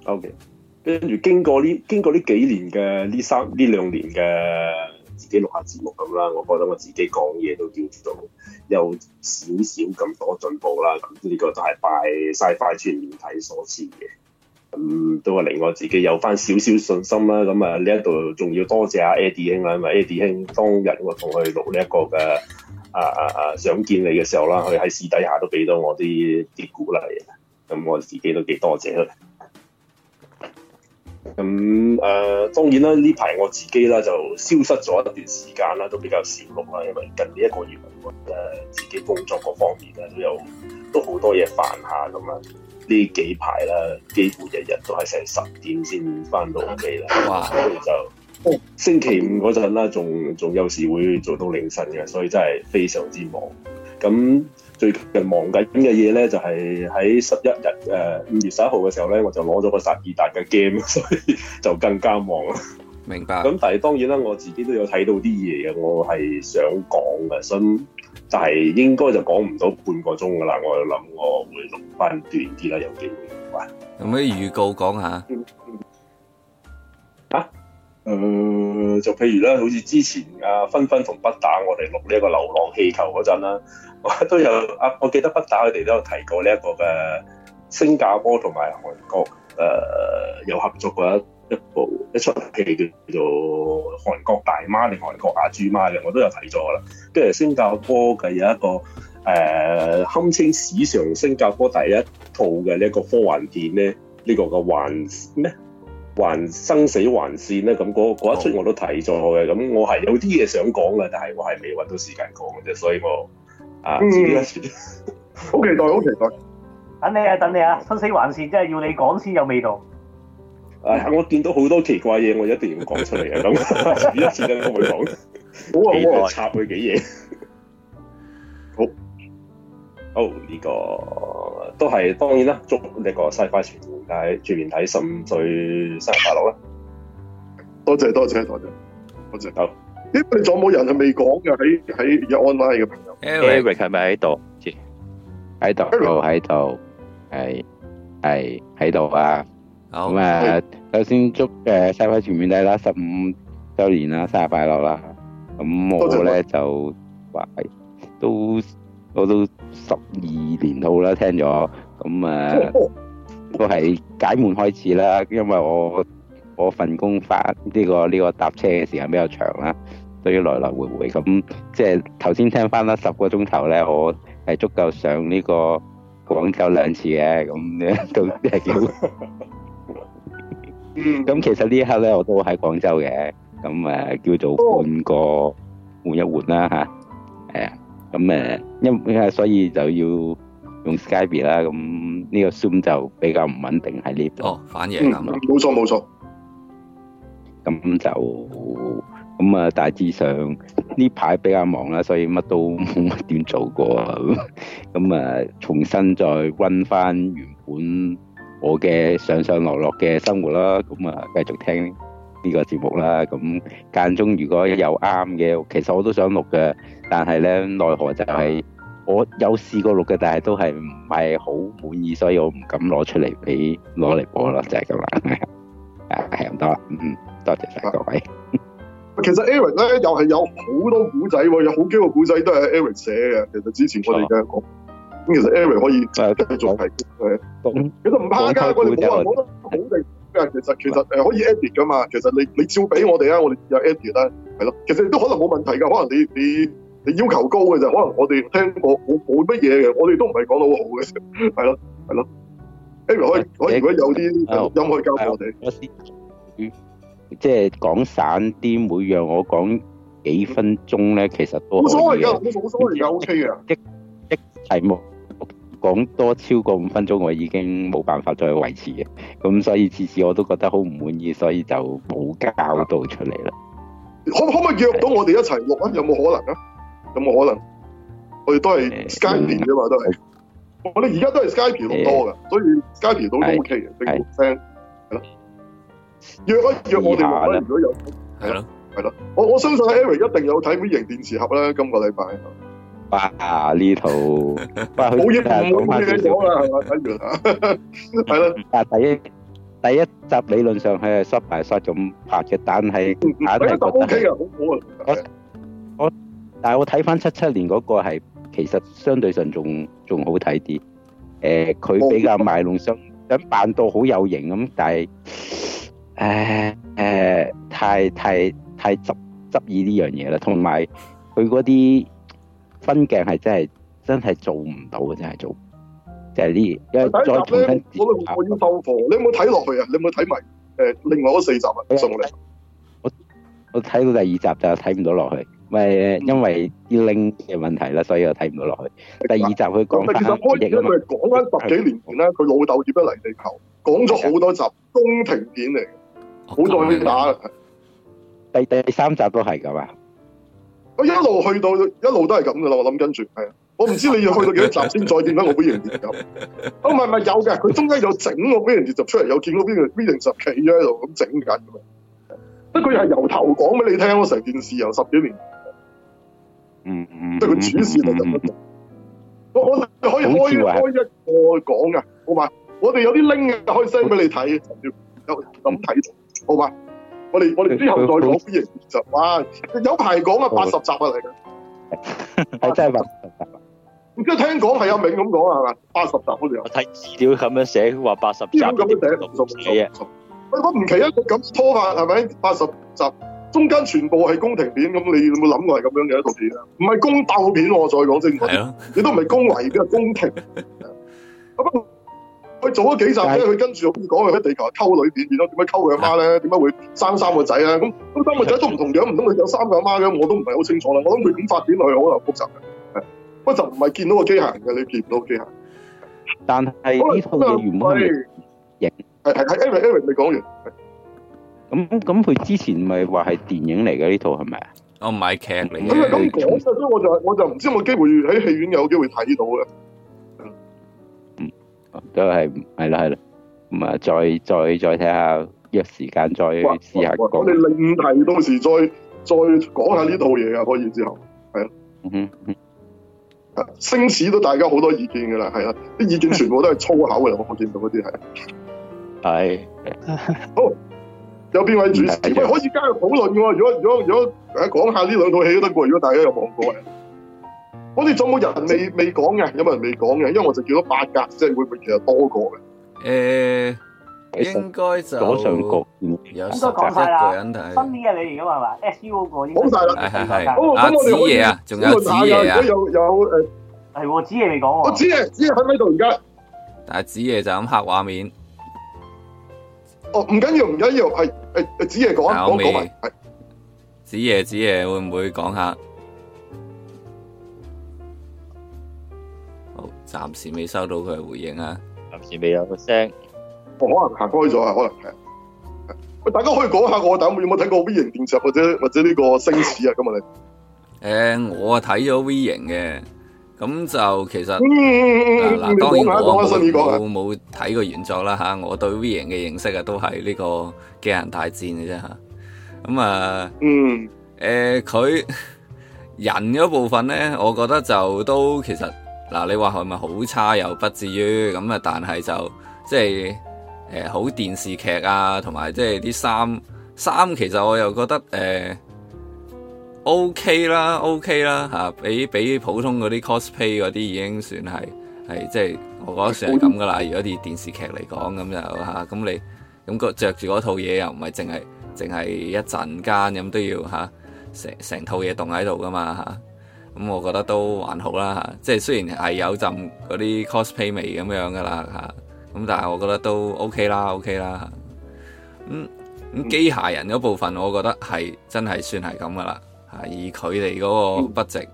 ？O K。跟住、oh, 行 okay. okay. 經過呢經過呢幾年嘅呢三呢兩年嘅自己錄下節目咁啦，我覺得我自己講嘢都叫做有少少咁多進步啦。呢個都係拜晒 Sci-Fi 全面睇所賜嘅。嗯，都會令我自己有翻少少信心啦。咁、嗯、啊，呢一度仲要多謝阿 Eddie 兄啦，因為 Eddie 兄當日我同佢錄呢一個嘅啊啊啊想見你嘅時候啦，佢喺私底下都俾到我啲啲鼓勵，咁、嗯、我自己都幾多謝啦。咁、嗯、誒、呃，當然啦，呢排我自己啦就消失咗一段時間啦，都比較少錄啦，因為近呢一個月誒、呃，自己工作嗰方面啊都有都好多嘢煩下咁啊。呢幾排啦，幾乎日日都係成十點先返到屋企啦。跟住就星期五嗰陣啦，仲仲有時會做到凌晨嘅，所以真係非常之忙。咁最近忙緊嘅嘢呢，就係喺十一日誒五、呃、月十一號嘅時候呢，我就攞咗個薩爾達嘅 game，所以就更加忙啦。明白。咁但係當然啦，我自己都有睇到啲嘢嘅，我係想講嘅，所以就係應該就講唔到半個鐘噶啦。我諗我會錄返短啲啦，有機會。有咩預告講下？啊？誒、呃，就譬如咧，好似之前啊，芬芬同不打我哋錄呢一個流浪氣球嗰陣啦，我都有阿，我記得不打佢哋都有提過呢、這、一個嘅新加坡同埋韓國誒、呃、有合作嘅。一部一出戲叫做《韓國大媽》定《韓國阿蛀媽》嘅，我都有睇咗啦。跟住新加坡嘅有一個誒、呃，堪稱史上新加坡第一套嘅呢一個科幻片咧，呢、這個嘅幻咩幻生死幻線咧，咁嗰、那個、一出我都睇咗嘅。咁我係有啲嘢想講嘅，但係我係未揾到時間講嘅啫，所以我啊，好、嗯、 期待，好期待，等你啊，等你啊，生死幻線真係要你講先有味道。哎呀我見到好多奇怪嘢，我一定要講出嚟啊！咁而一時間我唔講，好啊！我插佢幾嘢。好，哦、oh, 這個，呢個都係當然啦，祝呢個 Sci-Fi 全面睇全面睇十五歲生日快樂啦！多謝多謝台長，多謝。謝謝謝謝。好，咦？你仲有冇人係未講嘅？喺喺有 online 嘅朋友。Eric 係咪喺度？喺度，喺度 Eric?，係係喺度啊！咁誒，首先祝誒世偉全面帝啦，十五週年啦，生日快樂啦！咁我咧就話都我都十二年好啦，聽咗咁誒，都係解悶開始啦，因為我我份工返呢個呢個搭車嘅時間比較長啦，都要來來回回，咁即係頭先聽翻啦十個鐘頭咧，我係足夠上呢個廣州兩次嘅，咁樣都真係幾好。咁、嗯、其實呢一刻咧，我都喺廣州嘅，咁誒、啊、叫做換個換一換啦吓，誒咁誒，因、啊、為、啊、所以就要用 Skype 啦，咁呢個 Zoom 就比較唔穩定喺呢度，反應咁樣。冇錯冇錯，咁就咁啊！大致上呢排比較忙啦，所以乜都冇乜點做過咁啊、哦、 重新再溫返原本。我嘅上上落落嘅生活啦，咁啊繼續聽呢個節目啦。咁間中如果有啱嘅，其實我都想錄嘅，但係咧奈何就係我有試過錄嘅，但係都係唔係好滿意，所以我唔敢攞出嚟俾攞嚟播啦。就係咁啦，啊，謝唔多啦，嗯，多謝晒各位。其實 Eric 咧又係有好多古仔，有好幾個古仔都係 Eric 寫嘅。其實之前我哋嘅。咁其實 Eric 可以繼續提供嘅，其實唔怕㗎，我哋冇話冇得好定嘅，的其實其實誒可以 edit 噶嘛，其實你你照俾我哋啊，我哋又 edit 啦，係咯，其實都可能冇問題㗎，可能你你你要求高㗎就，可能我哋聽過冇冇乜嘢嘅，我哋都唔係講到好嘅，係咯係咯，Eric 我我如果有啲音可以交俾、啊、我哋，即係講散啲，每樣我講幾分鐘咧，其實都冇所謂㗎，冇所謂㗎，O K 嘅，一一題目是的講多超過五分鐘，我已經冇辦法再維持嘅，咁所以次次我都覺得好唔滿意，所以就冇交到出嚟啦。可可唔可以約到我哋一齊錄啊？有冇可能啊？有冇可能？我哋都係、嗯、Skype 啫嘛，都係。我哋而家都係是的 Skype 多嘅，所以 Skype 到都 OK，正正聲，係咯。約一約我哋，如果如果有，係咯，係咯。我我相信 Avery 一定有睇微型電視盒啦，今個禮拜。哇！呢套，冇嘢，冇嘢，講啦，係嘛？睇完，係咯。但係第一第一集理論上係失敗失咗拍嘅，但係硬係覺得 O K 嘅，好好啊。我我但係我睇翻七七年嗰個係，其實相對上仲仲好睇啲。誒，佢比較賣弄想想扮到好有型咁，但係誒誒太太太執執意呢樣嘢啦，同埋佢嗰啲。分鏡係真係真係做唔到嘅，真係做，真做就係、是、呢，因為再重新。我我要收貨，你有冇睇落去啊？你有冇睇埋誒另外嗰四集啊？仲嚟？我我睇到第二集就睇唔到落去，咪、嗯、因為啲 link 嘅問題啦，所以我睇唔到落去。嗯、第二集佢講翻，其實開始佢講翻十幾年前啦，佢、嗯、老豆點樣嚟地球，講咗好多集宮廷片嚟嘅，好在未打。第第三集都係咁啊！我一路去到一路都係咁噶啦，我諗跟住，係啊，我唔知道你要去到幾多集先再見到我邊人節目？ 哦，唔係唔係有嘅，佢中間有整個邊人節目出嚟，有見到邊個邊定企咗喺度咁整緊嘅。不過佢係由頭講俾你聽咯，成件事由十幾年嗯。嗯就樣做嗯即係個主線嚟嘅。嗯嗯嗯、我我哋可以開、啊、開一個講嘅，好嘛？我哋有啲拎嘅，可以 send 俾你睇，直接咁睇，好嘛？ 我哋我哋之後再講，就有排講啊，八十集啊嚟噶，係真係八十集。唔知聽講係阿銘咁講啊？係咪？八十集好似有。我睇資料咁樣寫，話八十集。咁樣寫唔十唔熟？我我唔奇一個咁拖法，係咪？八十集中間全部係宮廷片，咁你有冇諗過係咁樣嘅一套片？唔係宮鬥片，我再講清楚。係是啊。你都唔係宮迷，而係宮廷。好。 佢做咗幾集，年，佢是跟住好似講佢喺地球溝女點點咯，點解溝佢阿媽咧？點解、啊、會生三個仔咧？咁咁三個仔都唔同樣，唔通佢有三個阿媽嘅？我都唔係好清楚啦。我諗佢咁發展落去可能，好有複雜嘅。我，就唔係見到個機械人嘅，你見唔到機械人？但係是呢、嗯、套嘅原本嘅影，係係 Eric Eric 未講完。咁咁佢之前咪話係電影嚟嘅呢套係咪啊？哦，唔係劇嚟嘅。咁咁，從所以我就係我就唔知有冇機會喺戲院有機會睇到嘅。都係係啦係啦，咁啊再再再睇下，約時間再試下我哋另題到時再再講下呢套嘢啊，開完之後係啊。星史、嗯、哼都大家好多意見噶啦，係啦，啲意見全部都係粗口嘅啦， 我見唔到啲係。係。 好，有邊位主持？邊可以加入討論嘅？如果如果如果講下呢兩套戲都得嘅，如果大家有睇過。我哋仲冇人未未講嘅，有冇人未講嘅？因為我就叫咗八格，即係會唔會有多過嘅？誒、欸，應該就左上角應該講晒啦，身邊嘅你而家嘛嘛，S U 嗰個講晒啦，係係。哦，咁我哋好嘅。哦，咁我哋好嘅。啊，有有有誒，係，子爺未講喎。我子爺、啊呃啊，子爺喺呢度而家。啊、爺爺但係子爺就咁黑畫面。哦、啊，唔緊要，唔緊要，係係子爺講，講講埋。子爺，子爺會唔會講下？暫時未收到佢嘅回應啊！暫時未有個聲，哦，我可能行開咗啊，可能係。喂，大家可以講下我等有冇睇過 V 型電視或者或者呢個星矢啊咁啊你？誒、 呃，我啊睇咗 V 型嘅，咁就其實嗱、嗯啊，當然我冇睇過原作啦、啊、吓，我對 V 型嘅認識啊都係呢個機人大戰嘅啫吓。咁啊，啊嗯，誒、呃，佢人嗰部分咧，我覺得就都其實。嗱，你話係咪好差又不至於咁啊？但係就即係誒、欸，好電視劇啊，同埋即係啲衫衫，三其實我又覺得誒、欸、OK 啦，OK 啦吓、啊，比比普通嗰啲 cosplay 嗰啲已經算係係即係，我覺得算係咁噶啦。如果以電視劇嚟講，咁就吓，咁、啊、你咁、嗰個着住嗰套嘢又唔係淨係淨係一陣間，咁都要吓、啊、成成套嘢凍喺度噶嘛吓。啊咁我覺得都還好啦，即係雖然係有陣嗰啲 cosplay 味咁樣噶啦，咁但係我覺得都 OK 啦 OK 啦，咁咁機械人嗰部分，我覺得係真係算係咁噶啦嚇，以佢哋嗰個 budget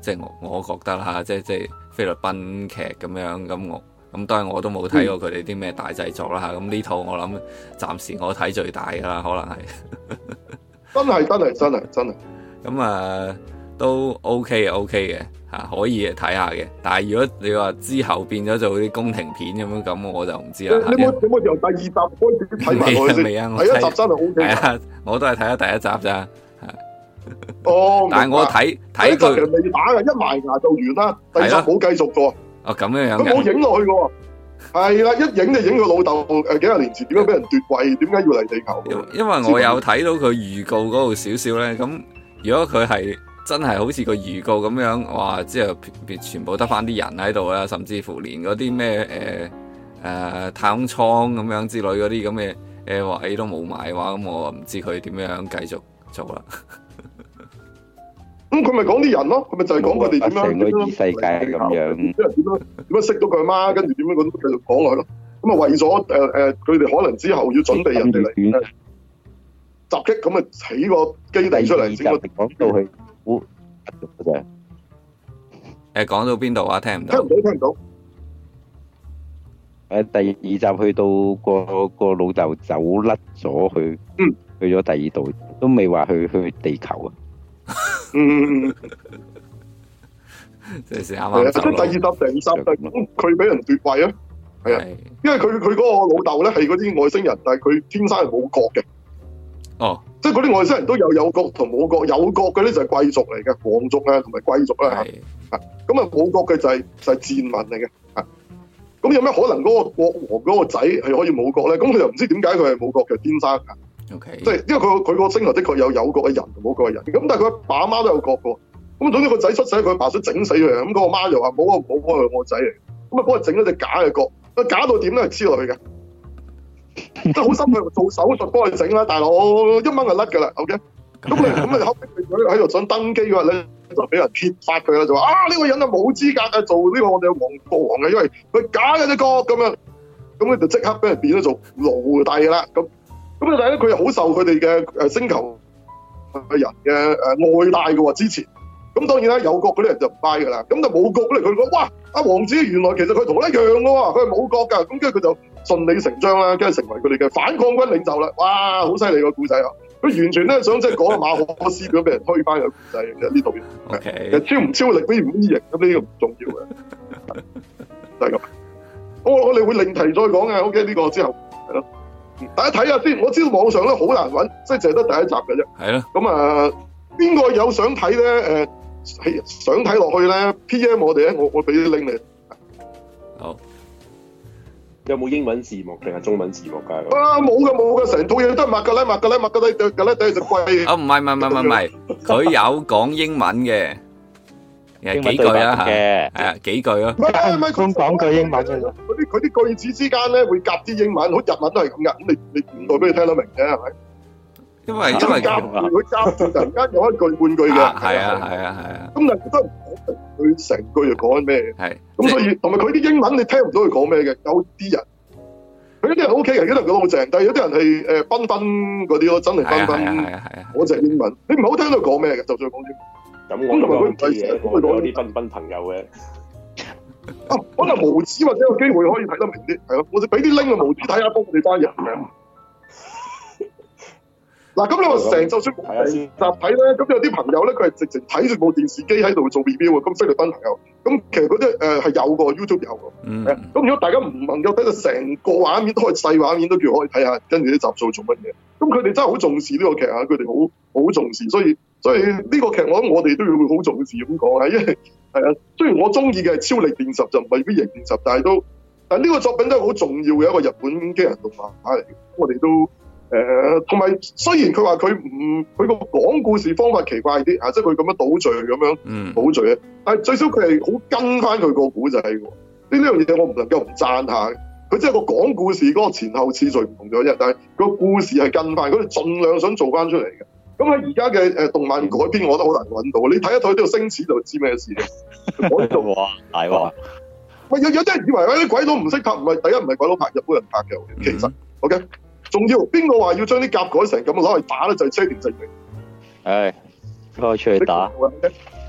即係我我覺得嚇，即即菲律賓劇咁樣咁我咁當然我都冇睇過佢哋啲咩大製作啦嚇，咁呢、嗯、套我諗暫時我睇最大噶啦，可能係真係真係真係真係，咁啊 ～、uh, 都 OK 啊 OK 嘅，吓可以睇下嘅，但係如果你話之後變咗做啲宮廷片咁樣咁，我就唔知啦。咁我就第二集開始睇埋佢先。未啊未啊，我睇、OK、啊，我都係睇咗第一集咋。哦，但係我睇睇佢未打嘅一埋牙就完啦，第二集冇繼續個、啊。哦咁樣樣冇影落去個，係啦、 啊，一影就影佢老豆誒幾廿年前點樣俾人奪位，點解要嚟地球？因為我有睇到佢預告嗰度少少咧，咁如果佢係。真係好似個預告咁樣，哇！之後全部得返啲人喺度啦，甚至乎連嗰啲咩誒誒太空艙咁樣之類嗰啲咁嘅誒位都冇埋嘅話，咁我唔知佢點樣繼續做啦。咁佢咪講啲人咯，佢咪就係講佢哋點樣點樣世界咁樣。點樣點樣識到佢阿媽，跟住點樣佢都繼續講落去咯。咁啊為咗誒誒佢哋可能之後要準備人哋嚟襲擊，咁啊起個基地出嚟先個管道我誒，講到邊度啊？聽唔到，到，聽唔到，聽唔到。誒，第二集去到、嗰個、嗰個老豆走甩咗去，嗯，去咗第二度，都未話去去地球啊。 嗯、 即即係第二集定三集，佢俾人奪位啊！係啊的，的因為佢佢個老豆咧係嗰啲外星人，但係佢天生係冇角嘅。哦。即係嗰啲外星人都有有國同冇國，有國嘅咧就係貴族嚟嘅，皇族咧同埋貴族啦，嚇嚇咁啊，冇國嘅就係、是、就係、是、賤民嚟嘅嚇。咁有咩可能嗰個國王嗰個仔係可以冇國咧？咁佢又唔知點解佢係冇國嘅天生㗎？OK，即係因為佢佢個星球的確有有國嘅人同冇國嘅人咁，但係佢爸媽都有國嘅喎。咁總之個仔出世，佢爸想整死佢咁，嗰個媽又話：冇啊冇啊，我係我仔嚟，咁、嗯、啊幫佢整咗隻假嘅國，佢假到點咧係黐落去嘅。即係好心去做手術幫佢整啦，大佬一蚊就甩㗎啦，OK？咁佢咁啊，後尾佢喺度想登基嘅話，你就俾人揭發佢啦，就話啊呢個人啊冇資格啊做呢個我哋嘅王國王嘅，因為佢假嘅隻國咁樣，咁咧就即刻俾人變咗做奴隸啦。咁咁佢但係咧佢又好受佢哋嘅誒星球嘅人嘅誒愛戴嘅喎，支持。咁當然啦，有國嗰啲人就唔 buy 㗎啦。咁就冇國咧，佢講，哇阿王子原來其實佢同我一樣嘅喎，佢係冇國㗎。咁跟住佢就。順理成章啦，跟住成為佢哋嘅反抗軍領袖啦！哇，好犀利個故仔啊！佢完全咧想即係講阿馬可斯咁俾人推翻嘅故仔，即係呢度超唔超力，非唔非型咁呢個唔重要嘅，就係咁。我我哋會另題再講嘅。OK，呢個之後係咯，啊，大家睇下先。我知道網上咧好難搵，即係淨係得第一集嘅啫。係咯。咁啊，邊個、呃、有想睇咧？誒、呃，想睇落去咧？PM 我哋咧，我我俾啲 link 你。好。有冇英文字幕定係中文字幕噶？啊，冇噶冇噶，成套嘢都係麥格拉麥格拉麥格拉第格拉第食貴啊！唔係唔係唔係唔係，佢有講英文嘅，幾句啊吓，係啊幾句咯。唔係唔係，佢講句英文嘅，嗰啲佢啲句子之間咧會夾啲英文，好日文都係咁噶，咁你你唔多都要聽得明啫係咪？因為因為交佢交到突然間有一句半 句嘅，係啊係啊係啊。咁但係都唔講佢成句就講緊咩嘢？係。咁所以同埋佢啲英文你聽唔到佢講咩嘅？有啲人，佢啲人 O K，有啲人覺得好正，但係有啲人係誒，賓賓嗰啲咯，真係賓賓。係啊係啊。我淨係英文，你唔好聽佢講咩嘅，就算講啲咁同佢唔係，我有啲賓賓朋友嘅。啊，可能無字或者有機會可以睇得明啲，係咯，我哋俾啲拎 i n g 無字睇下，幫你哋翻譯。嗱咁你話成就算集睇咧，咁有啲朋友咧佢係直情睇住部電視機喺度做 B B U 咁菲律賓朋友，咁其實嗰啲係有個 YouTube 有嘅。咁、嗯、如果大家唔能夠睇到成個畫面都可以，都係細畫面都叫可以睇下，跟住啲集數做乜嘢，咁佢哋真係好重視呢個劇啊，佢哋好好重視，所以所以呢個劇我諗我哋都要好重視，咁講啊，因為係啊，雖然我中意嘅係超力電集就唔係必型電集，但係都但呢個作品都係好重要嘅一個日本機人動畫嚟嘅，我哋都。誒，同埋、嗯、雖然佢話佢唔，佢個講故事方法奇怪啲啊，即係佢咁樣倒序咁樣，嗯，倒序嘅。但係最少佢係好跟翻佢個古仔嘅。呢兩樣嘢我唔能夠唔讚下佢，即係個講故事嗰個前後次序唔同咗啫，但係個故事係跟翻佢哋盡量想做翻出嚟嘅。咁喺而家嘅誒動漫改編，我覺得好難揾到。你睇一睇呢個星矢就知咩事嘅。說 哇！大鑊、嗯。咪有有啲人以為誒、哎、鬼佬唔識拍，唔係第一唔係鬼佬拍，日本人拍嘅。其實、嗯、OK。仲要邊個話要將啲甲改成咁攞嚟打咧，就衰定剩定。唉、就是，攞、哎、出去打。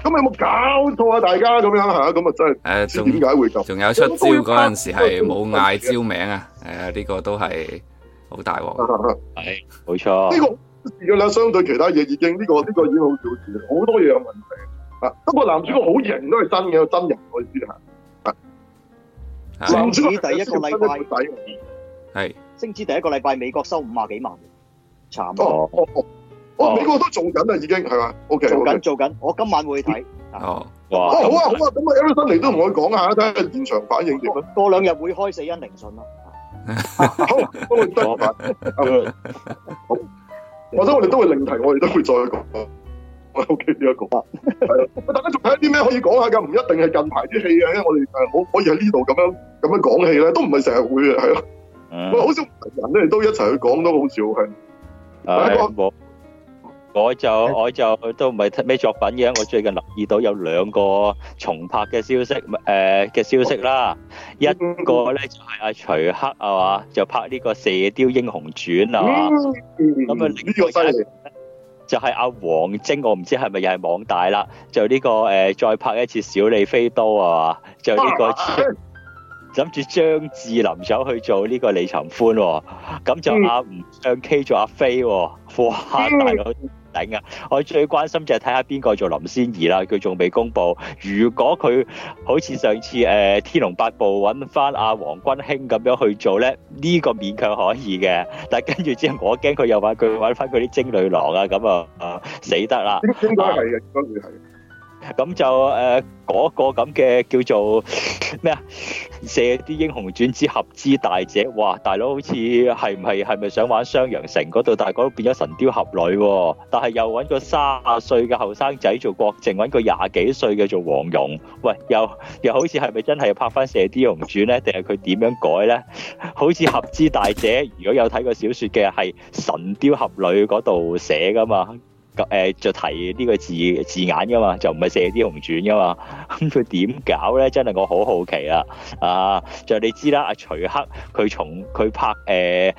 咁你有冇搞錯啊？大家咁樣係啊？咁啊真係。誒，點解會咁？仲有出招嗰陣時係冇嗌招名啊？誒，呢、啊，這個都係好大鑊。係，冇錯。呢個事嘅相對其他嘢已經呢、這個呢、這個已經好小，好多嘢有問題啊。不過男主角好型都係真嘅，真人我知下。啊，喺第是一個禮拜。係。星至第一個禮拜，美國收五啊幾萬，慘啊！哦哦哦，哦美國都做緊啦，已經係嘛？O K，做緊做緊，我今晚會睇。哦，哇！哦好啊好啊，咁啊有 l l 嚟都同我講下，睇下現場反應點。過兩日會開死因聆訊咯。好，我唔得。好，或者我哋都會另提，我哋都會再講。O K，呢一個係啦，大家仲睇啲咩可以講下㗎？唔一定係近排啲戲啊，因為我哋誒可可以喺呢度咁樣咁樣講戲咧，都唔係成日會嘅，係咯。好、嗯、少人咧，都一齊去講都好少嘅。誒、哎，我我就我就都唔係咩作品嘅。我最近留意到有兩個重拍嘅消息，誒、呃、嘅消息啦。一個咧就係、是、阿徐克啊嘛，就拍呢、這個《射雕英雄傳》啊嘛。咁啊、嗯，嗯、另一個咧就係、是、阿黃晶。我唔知係咪又係網大啦。就呢、這個誒、呃，再拍一次《小李飛刀》啊嘛。就呢、這個。啊嗯諗住張智霖走去做呢個李尋歡喎，咁就阿吳唱 K 做阿飛喎、哦，哇大佬頂啊！我最關心就係睇下邊個做林仙兒啦，佢仲未公布。如果佢好似上次、呃、《天龍八部》揾翻阿黃君馨咁樣去做咧，呢、呢個勉強可以嘅。但跟住之後，我驚佢又揾佢揾翻佢啲精女郎啊，咁啊、呃、死得啦！應該係嘅，應咁就誒嗰、呃那個咁嘅叫做咩啊？射雕英雄傳之俠之大者。哇，大佬好似係係係咪想玩襄陽城嗰度？但係嗰度變咗《神雕俠侶、啊》，但係又揾個卅歲嘅後生仔做郭靖，揾個廿幾歲嘅做黃蓉。喂，又又好似係咪真係拍翻《射雕英雄傳》呢？定係佢點樣改呢？好似《俠之大者》。如果有睇過小説嘅係《神雕俠侶》嗰度寫噶嘛？咁就、呃、就提呢個字字眼噶嘛，就唔係射啲紅傳噶嘛，咁佢點搞咧？真係我好好奇啦！啊，就你知啦，阿徐克佢從佢拍誒誒、呃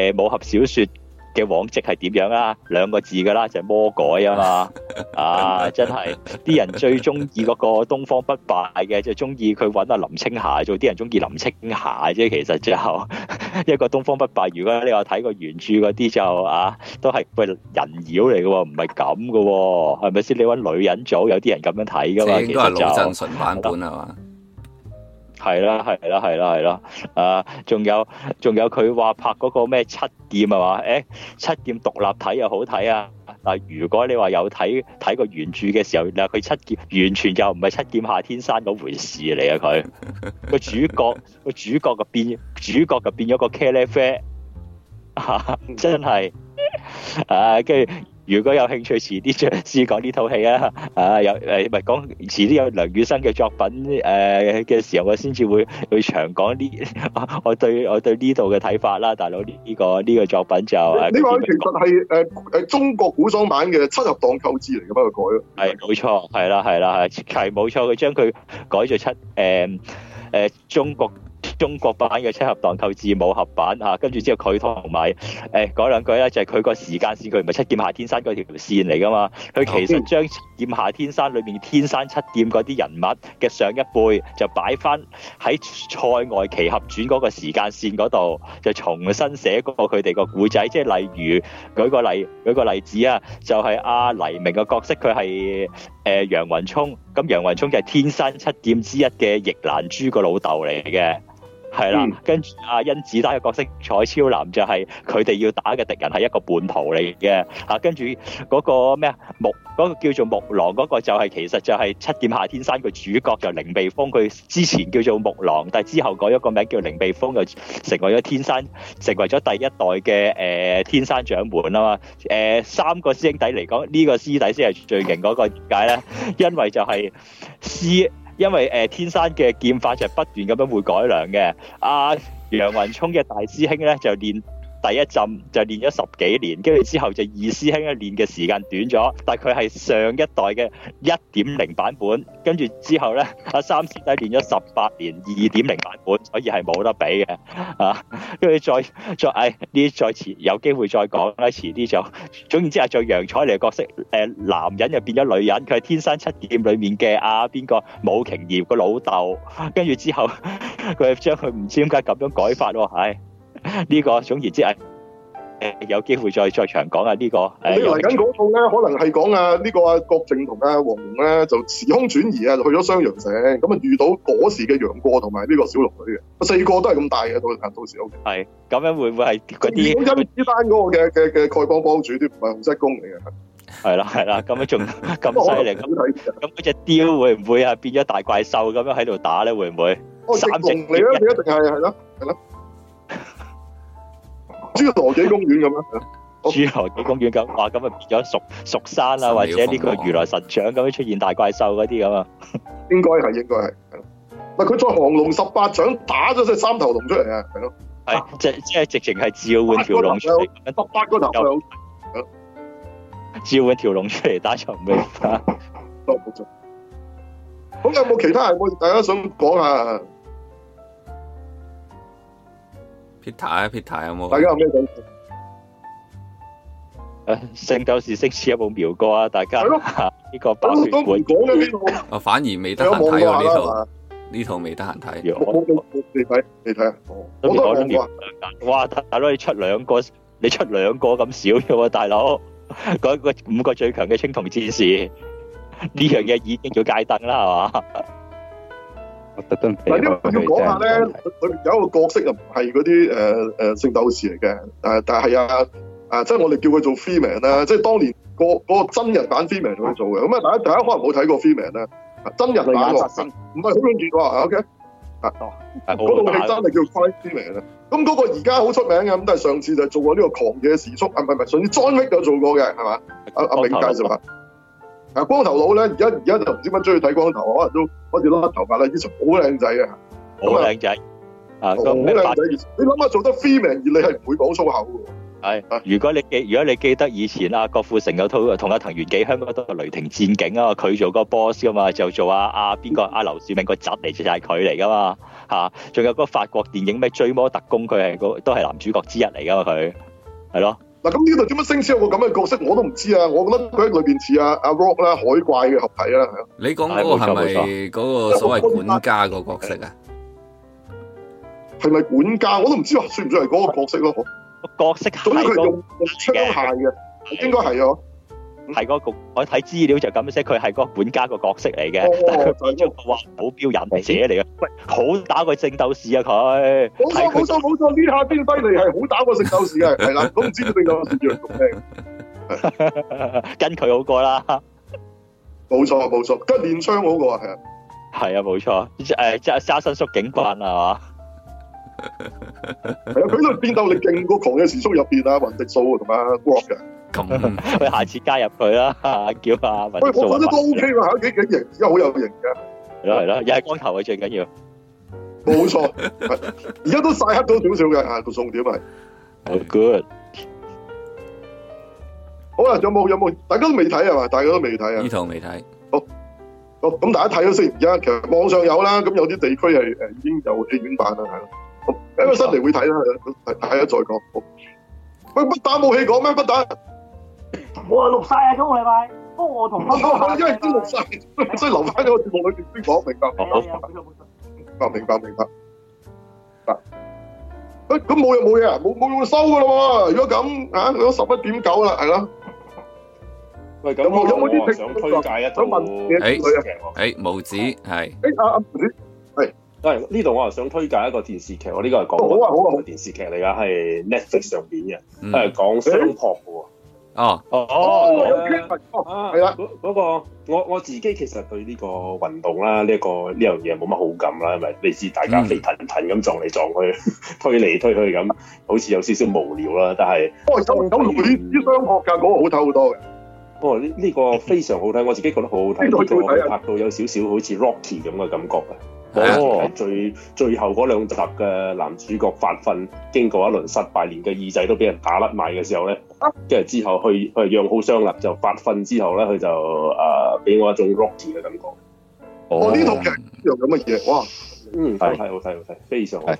呃、武俠小說。嘅往跡係點樣兩、就是、啊？兩個字噶啦，就係魔改啊嘛！啊，真係啲人最中意嗰個東方不敗嘅，就中意佢揾阿林青霞。做啲人中意林青霞啫，其實就一個東方不敗。如果你話睇個原著嗰啲就啊，都係喂人妖嚟噶，唔係咁噶，係咪先？你揾女人組，有啲人咁樣睇噶嘛？其實就。振純版本係嘛？係啦，係啦，係啦，係啦，啊，仲有仲有，佢話拍嗰個咩七劍啊嘛？誒、欸，七劍獨立睇又好睇啊！但如果你話有睇睇過原著嘅時候，嗱，佢七劍完全就唔係七劍下天山嗰回事嚟啊！佢個 主角個主角個變主角就變咗個茄喱啡，uh, 真係啊！跟、uh, 住。如果有興趣，遲啲再試講呢套戲啊！啊，有誒，唔係講遲啲有梁羽生嘅作品誒嘅、呃、時候，我先至會會詳講呢、啊，我對我對呢度嘅睇法啦，大佬呢呢個呢、呢個作品就呢、呢個麼其實係誒誒中國古裝版嘅《七日當溝之》嚟嘅、哎，不過改咯。係冇錯，係啦，係啦，係，係冇錯，佢將佢改咗出誒誒中國。中國版嘅《七俠蕩寇》字幕合版嚇、啊，跟住之後佢同埋誒講兩句咧，就係佢個時間線，佢唔係《七劍下天山》嗰條線嚟噶嘛。佢其實將《七劍下天山》裏面的天山七劍嗰啲人物嘅上一輩就擺翻喺《塞外奇俠傳》嗰個時間線嗰度，就重新寫過佢哋個古仔。即係例如舉個例舉個例子啊，就係阿黎明嘅角色，佢係誒楊雲聰咁，楊雲聰就係天山七劍之一嘅易蘭珠個老豆嚟嘅。係啦，跟住阿甄子丹嘅角色，楚昭南就係佢哋要打嘅敵人係一個叛徒嚟嘅。跟住嗰個咩啊木嗰、那個叫做木狼嗰個就係、是、其實就係《七劍下天山》個主角就是、凌未風，佢之前叫做木狼，但之後改咗個名叫凌未風，就成為咗天山成為咗第一代嘅誒、呃、天山掌門啊嘛、呃。三個師兄弟嚟講，呢、這個師弟先係最勁嗰、那個點解咧？因為就係師。因為、呃、天山嘅劍法就不斷咁樣會改良嘅，阿、啊、楊雲聰嘅大師兄呢就練。第一陣，就練咗十幾年，跟住之後就二師兄嘅練嘅時間短咗，但係佢係上一代嘅一點零版本，跟住之後咧阿三師弟練咗十八年二點零版本，所以係冇得比嘅啊。跟住再再，哎呢再遲有機會再講啦，遲啲就總然之啊，做楊采妮嘅角色，誒、呃、男人又變咗女人，佢係天生七劍裏面嘅阿邊個武瓊瑤個老豆，跟住之後佢將佢唔知點解咁樣改法喎，唉、哎。呢個，總而言之係，誒有機會再再場講啊、這、呢個。你嚟緊嗰套咧，可能係講啊呢個阿郭靖同阿黃蓉咧就時空轉移啊，去咗襄陽城，咁啊遇到嗰時嘅楊過同埋呢個小龍女嘅。四個都係咁大嘅，到時到時好。係、okay，咁樣會唔會係跌啲？金子丹嗰個嘅嘅嘅丐幫幫主 都唔係洪七公嚟嘅。係啦係啦，咁樣仲咁犀利，咁睇，咁隻雕會唔會啊變咗大怪獸咁樣喺度打咧？會唔會？三隻龍你咧？你一,一定係係咯，係咯。侏羅紀公園咁啊！侏羅紀公園咁，話咁啊變咗蜀蜀山啊，或者呢個如來神掌咁樣出現大怪獸嗰啲咁啊？應該係，應該係，係咯。唔係佢再降龍十八掌打咗隻三頭龍出嚟啊！係咯，係即即係直情係召喚條龍出嚟，八八個頭，十八個頭召喚條龍出嚟打場兵 啊！咁 有冇其他人？我大家想講下。Peter 啊，Peter 有冇？大家有咩感受？聖鬥士星矢有冇描過啊？大家呢個包括唔講反而未得閒睇喎呢套，呢套未得閒睇。有冇？你睇，你睇啊！哇，大佬，你出兩個，你出兩個咁少嘅喎，大佬，嗰個五個最強嘅青銅戰士呢樣嘢已經叫街燈啦，係嘛？嗱，呢個要講下咧，裏面有一個角色又唔係嗰啲誒誒聖鬥士嚟嘅，誒、呃、但係啊，啊即係我哋叫佢做 Freeman 啦，即係當年、嗰個嗰、嗰個真人版 Freeman 佢做嘅，咁啊大家大家可能冇睇過 Freeman 咧，真人版喎、嗰個，唔係好容易喎，OK，啊多，嗰套戲真係叫《Crying Freeman》啊，咁嗰個而家好出名嘅，咁都係上次就做過呢個狂野時速，啊唔係唔係，上次 John Wick 都做過嘅，係嘛？阿阿頭、啊、明介紹下。光頭佬咧，而家而家就唔知乜中意睇光頭，可能都開始甩頭髮啦，以前好靚仔嘅，好靚仔，啊，好靚仔，啊、你諗下做得非名，而你係唔會講粗口嘅。啊、如果你記，如果你記得以前啊，郭富城有套同阿藤原紀香港都係《雷霆戰警》啊，佢做個 boss 啊嘛，就做阿阿邊個阿、啊、劉志明個侄嚟，就就係佢嚟噶嘛，嚇、啊，仲有個法國電影咩《追魔特工》，佢係都係男主角之一嚟噶嘛，佢係咯。嗱，咁呢度做乜聲矢有個咁嘅角色，我都唔知啊！我覺得佢喺裏面似阿阿 Rock 啦、海怪嘅合體啦。你講嗰個係咪嗰個所謂管家角個角色啊？係咪管家我都唔知喎，算唔算係嗰個角色咯？角色係，總之佢用靴械嘅，應該係咯、啊。係嗰個我睇資料就咁寫，佢係嗰個管家個角色嚟嘅，但係佢變咗個話保鏢忍者嚟嘅，好打過聖鬥士啊佢。冇錯冇錯冇錯，呢下邊輝嚟係好打過聖鬥士嘅，係啦，都唔知你哋有冇樣咁靚。跟佢好過啦，冇錯冇錯，跟練槍好過啊，係啊，係啊，冇錯，誒，揸伸縮警棍啊，係嘛，係啊，佢都變鬥力勁過狂野時速入邊啊，雲迪數啊同埋。Rock 嘅。咁我 下次加入佢啦，叫阿文做。我我覺得都 OK 啦，行幾型，而家好有型嘅。係咯係咯，又係光頭啊，最緊要。冇錯錯，而家 都晒黑咗少少嘅啊個重點係。Oh, good！ 好啊，有冇有冇？大家都未睇係嘛？大家都未睇啊？呢套未睇。好，好咁大家睇咗先。而家其實網上有啦，咁有啲地區係誒已經有戲院版啦，係咯錯。咁啊新嚟會睇啦，睇睇再講。喂，不打冇氣講咩？不打。我錄晒啊，今個禮拜。不過我同明明、哦，因為都錄晒，所以留翻喺我節目裏邊先講，明白？明白，明白，明白明白。啊，咁冇嘢冇嘢啊，冇冇用收噶啦喎！如果咁啊，佢都十一點九啦，係咯、嗯。喂，咁我我我想推介一部誒誒，毛子係誒阿阿梅係。呢度我又想推介一個電視劇，我呢個係講好係電視劇嚟噶，係、啊啊、Netflix 上邊嘅，係講相撲嘅。哎啊哦哦、oh, oh, 哦，啊係啦，嗰、那、嗰個我我自己其實對呢個運動啦，呢、這、一個呢樣嘢冇乜好感啦，係咪你知大家肥騰騰咁撞嚟撞去，推嚟推去咁，好似有少少無聊啦。但係，哦，手環咁類似相撲㗎，嗰個好睇好多嘅。哦，呢、這、呢個非常好睇，我自己覺得好好睇，呢 個係拍到有少少好似 Rocky 咁嘅感覺嘅。嗰、oh. 最最後嗰兩集嘅男主角發奮，經過一輪失敗，連嘅耳仔都俾人打甩埋嘅時候咧，跟住之後去佢養好傷立就發奮之後咧，佢就誒俾、啊、我一種 Rocky 嘅感覺。哦，呢套劇做咁嘅嘢，哇！嗯，好睇好睇好睇，非常好睇。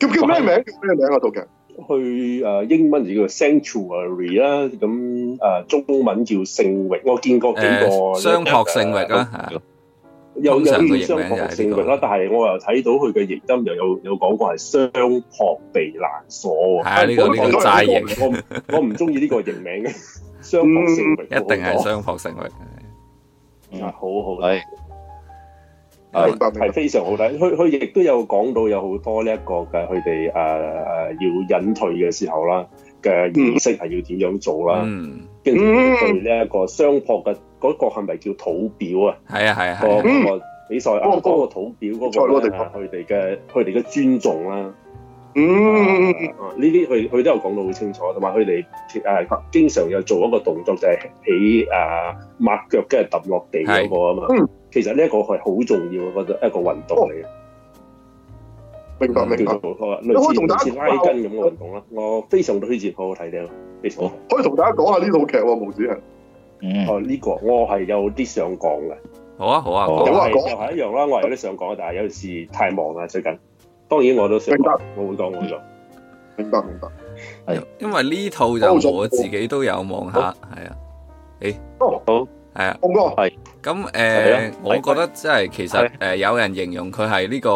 是叫叫咩名？叫咩名啊？套劇？去誒、啊、英文叫 Sanctuary 啦，咁、啊、誒中文叫聖域。我見過幾個雙托聖域啦、啊。有有啲雙殼成員啦，但係我又睇到佢嘅譯音又有有講過係雙殼避難所喎。係啊，呢個呢個嘅名，我唔我唔中意呢個譯名嘅雙殼成員。一定係雙殼成員。啊，好好。係係非常好睇。佢佢亦都有講到有好多呢一個嘅佢哋誒誒要隱退嘅時候啦嘅儀式係要點樣做啦，跟住對呢一個雙殼嘅。嗰個係咪叫土表啊？係啊係啊，嗰個比賽嗰個土表嗰個，佢哋嘅佢哋嘅尊重啦。嗯呢啲佢佢都有講到好清楚，同埋佢哋誒經常又做一個動作，就係起誒抹腳跟住揼落地嗰個啊嘛。其實呢一個係好重要嘅一個一個運動嚟嘅。明白明白，類似類似拉筋咁嘅運動啦。我非常推薦好好睇咧，非常好可以同大家講下呢套劇喎，無線。哦，呢個我係有啲想講嘅，好啊好啊，咁係又係一樣啦，我係有啲想講，但係有陣時太忙啦最近。當然我都明白冇錯冇錯，明白明白。係因為呢套就我自己都有望下，係啊。誒，好，誒，啊，哥係。咁誒，我覺得即係其實誒，有人形容佢係呢個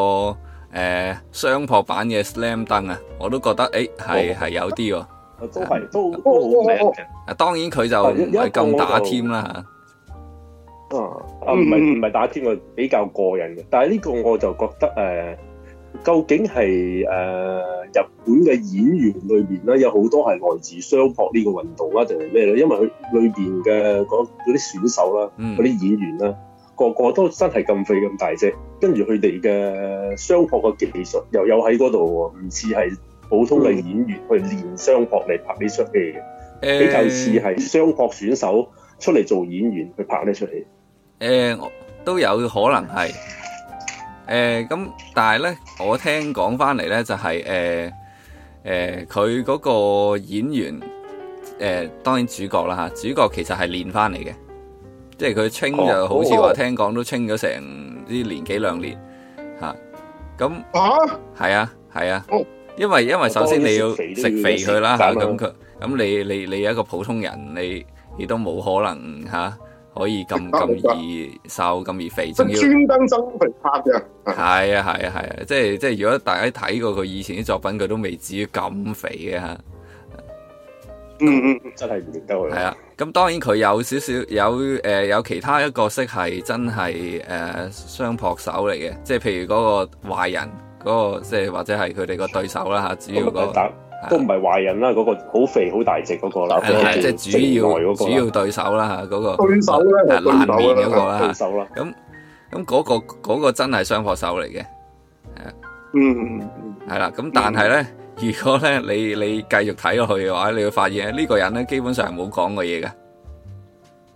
誒雙破版嘅 slam dunk 啊，我都覺得誒係係有啲喎。都係都。當然佢就因為咁打添啦，吓。啊唔係唔係打添我比較過癮嘅。但係呢個我就覺得誒、呃，究竟係誒、呃、日本嘅演員裏邊咧，有好多係來自相撲、就是、呢個運動啦，定係咩咧？因為佢裏邊嘅嗰啲選手啦，嗰啲演員啦，嗯、個個都真係咁肥咁大隻，跟住佢哋嘅相撲嘅技術又有喺嗰度，唔似係普通嘅演員、嗯、去練相撲嚟拍呢出戲嘅。你就似係雙國選手出嚟做演員去拍呢出戲？誒，都有可能係誒，咁但係咧，我聽講翻嚟咧就係誒誒，佢嗰個演員誒，當然主角啦吓，主角其實係練翻嚟嘅，即係佢清就好似話聽講都清咗成啲年幾兩年吓，咁啊係啊係啊，因為因為首先你要食肥佢啦，係咁佢。咁你你你一個普通人，你你都冇可能吓可以咁咁、啊、易瘦咁易肥，仲要專登增肥誇張。係啊係啊係啊，啊，啊，即係即係如果大家睇過佢以前啲作品，佢都未至於咁肥嘅吓。嗯嗯，真係唔認得啦。啊，咁當然佢有少少有誒、呃、有其他一個角色係真係誒相撲手嚟嘅，即係譬如嗰個壞人嗰、那個，即係或者係佢哋個對手啦吓，主要嗰、那個。都唔係壞人啦，嗰個好肥好大隻嗰個啦，即係主要主要對手啦，嗰個對手咧，難面嗰個啦，對手啦。咁咁嗰個真係雙破手嚟嘅，係啊，嗯，係啦。咁但係咧，如果咧你你繼續睇落去嘅話，你會發現呢個人咧基本上冇講過嘢嘅，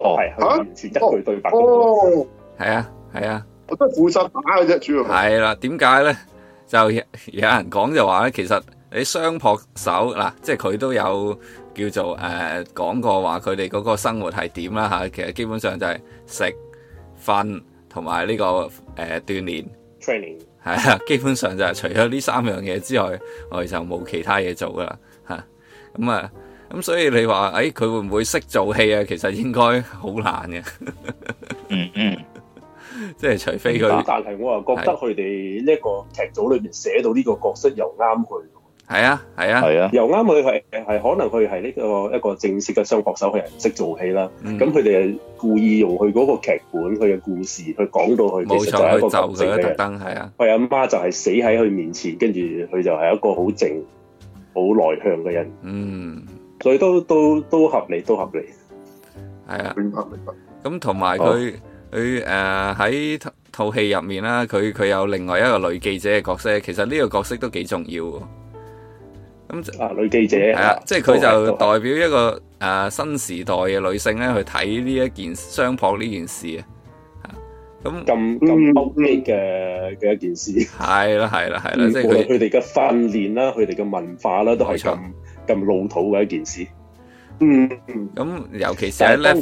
係完全一句對白都冇，係啊係啊。我都負責打嘅啫，主要係。係啦，點解咧？就有人講就話咧，其實。你雙撲手嗱、啊，即係佢都有叫做誒、呃、講過話，佢哋嗰個生活係點啦吓，其實基本上就係食、瞓同埋呢個誒、呃、鍛鍊 training，係啊，基本上就係除咗呢三樣嘢之外，我哋就冇其他嘢做噶啦吓，咁啊，咁、啊、所以你話誒佢會唔會識做戲啊？其實應該好難嘅，嗯嗯、mm，hmm. 即係除非佢，但係我又覺得佢哋呢個劇組裏面是寫到呢個角色又啱佢。係啊，係啊，係啊，又啱佢係係，可能佢係呢個一個正式嘅雙薄手戲人，唔識做戲啦。咁佢哋故意用佢嗰個劇本，佢嘅故事去講到佢，其實就一個救星嚟嘅。係啊，佢阿媽就係死喺佢面前，跟住佢就係一個好靜、好內向嘅人。嗯，所以都都都合理，都合理。係啊，咁同埋佢佢誒喺套套戲入面啦，佢佢有另外一個女記者嘅角色，其實呢個角色都幾重要。咁啊，女記者係啦，即係佢就代表一個誒新時代嘅女性咧，去睇呢一件商舖呢件事啊！咁咁咁撲逼嘅嘅一件事，係啦係啦係啦，即係佢哋嘅訓練啦，佢哋嘅文化啦，都係咁咁老土嘅一件事。嗯，咁尤其是喺啦，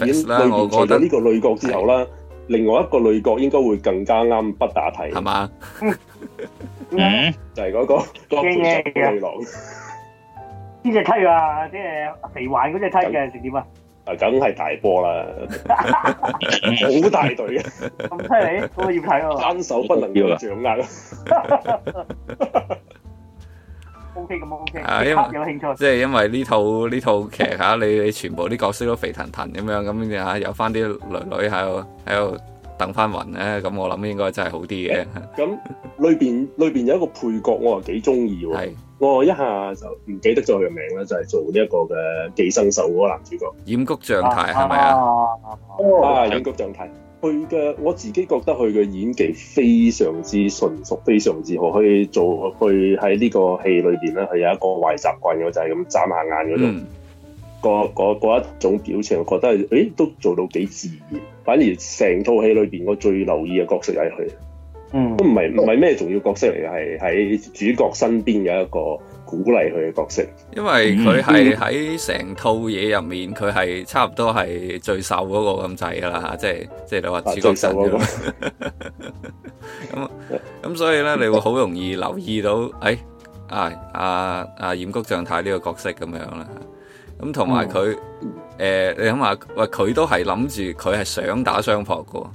我覺得呢個女角之後啦，另外一個女角應該會更加啱北打睇，係嘛？嗯，就係嗰個嗰個呢隻梯啊，即係肥環嗰隻梯嘅，成點啊？肯啊，梗係大波啦，好 大隊啊！咁犀利，都要睇啊！單手不能要掌握 O K，咁 O K。啊，因為有冇興趣？即係因為呢套呢套劇吓， 你你全部啲角色都肥騰騰咁樣，咁你吓有翻啲女女喺度喺度等翻雲咧，咁我諗應該真係好啲嘅。咁、嗯、裏邊裏邊有一個配角我，我啊幾中意。我一下就唔記得咗佢嘅名啦，就係、是、做呢一個嘅寄生獸嗰個男主角。染谷將太係咪啊？是是啊，啊，染谷將太，佢嘅我自己覺得佢嘅演技非常之純熟，非常之好。可以做佢喺呢個戲裏邊咧，係有一個壞習慣嘅，就係、是、咁眨下眼嗰種。個一、嗯、種表情，我覺得誒都做到幾自然。反而成套戲裏邊，我最留意嘅角色就係佢。都唔係唔係咩重要角色嚟嘅，係喺主角身邊有一個鼓勵佢嘅角色。因為佢係喺成套嘢入面，佢係差唔多係最瘦嗰個咁滯噶啦吓，即係即係你話主角身咁咁，所以咧你會好容易留意到，誒、 哎，阿啊阿、啊啊、染谷將太呢個角色咁樣啦，咁同埋佢誒，你諗下，喂、呃，佢都係諗住佢係想打雙扑噶。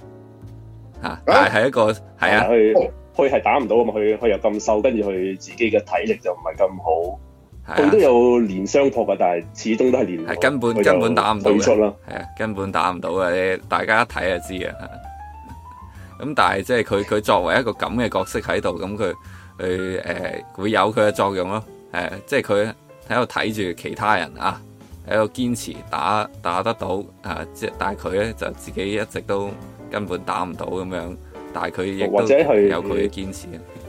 吓，係係、啊、一個係啊，佢佢係打唔到啊嘛，佢佢又咁瘦，跟住佢自己嘅體力就唔係咁好，佢都、啊、有連雙扑嘅，但係始終都係連，係、啊、根本就根本打唔到嘅，係啊，根本打唔到嘅，大家一睇就知啊。咁但係即係佢佢作為一個咁嘅角色喺度，咁佢佢誒會有佢嘅作用咯，誒、啊，即係佢喺度睇住其他人啊，喺度堅持打打得到啊，即但係佢咧就自己一直都，根本打唔到咁樣，但係佢亦或者係有佢嘅堅持。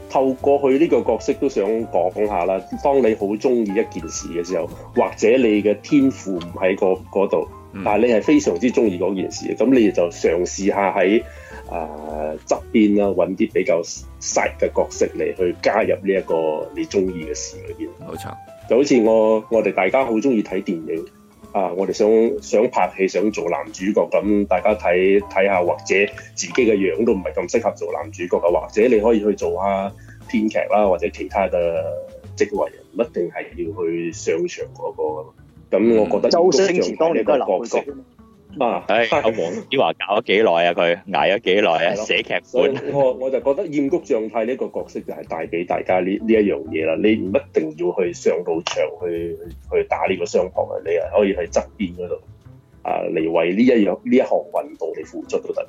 透過佢呢個角色都想講下啦。當你好中意一件事嘅時候，或者你嘅天賦唔喺嗰度，嗯、但係你係非常之中意嗰件事，咁、嗯、你就嘗試下喺、呃、啊側邊啦，揾啲比較細嘅角色嚟去加入呢一個你中意嘅事裏邊。冇錯錯，就好似我我哋大家好中意睇電影。啊！我哋想想拍戲想做男主角咁，大家睇睇下，或者自己嘅樣都唔係咁適合做男主角，或者你可以去做下編劇啦，啊，或者其他嘅職位，唔一定係要去上場嗰個。咁我覺得周星馳當年個角色。啊！唉，阿黃子華搞咗幾耐啊？佢挨咗幾耐啊？的寫劇本。我我就覺得燕谷莊太呢一個角色就係帶俾大家呢呢一樣嘢啦。你唔一定要去上到場去去打呢個雙槓嘅，你係可以喺側邊嗰度啊嚟為呢一樣呢一行運動嚟付出都得。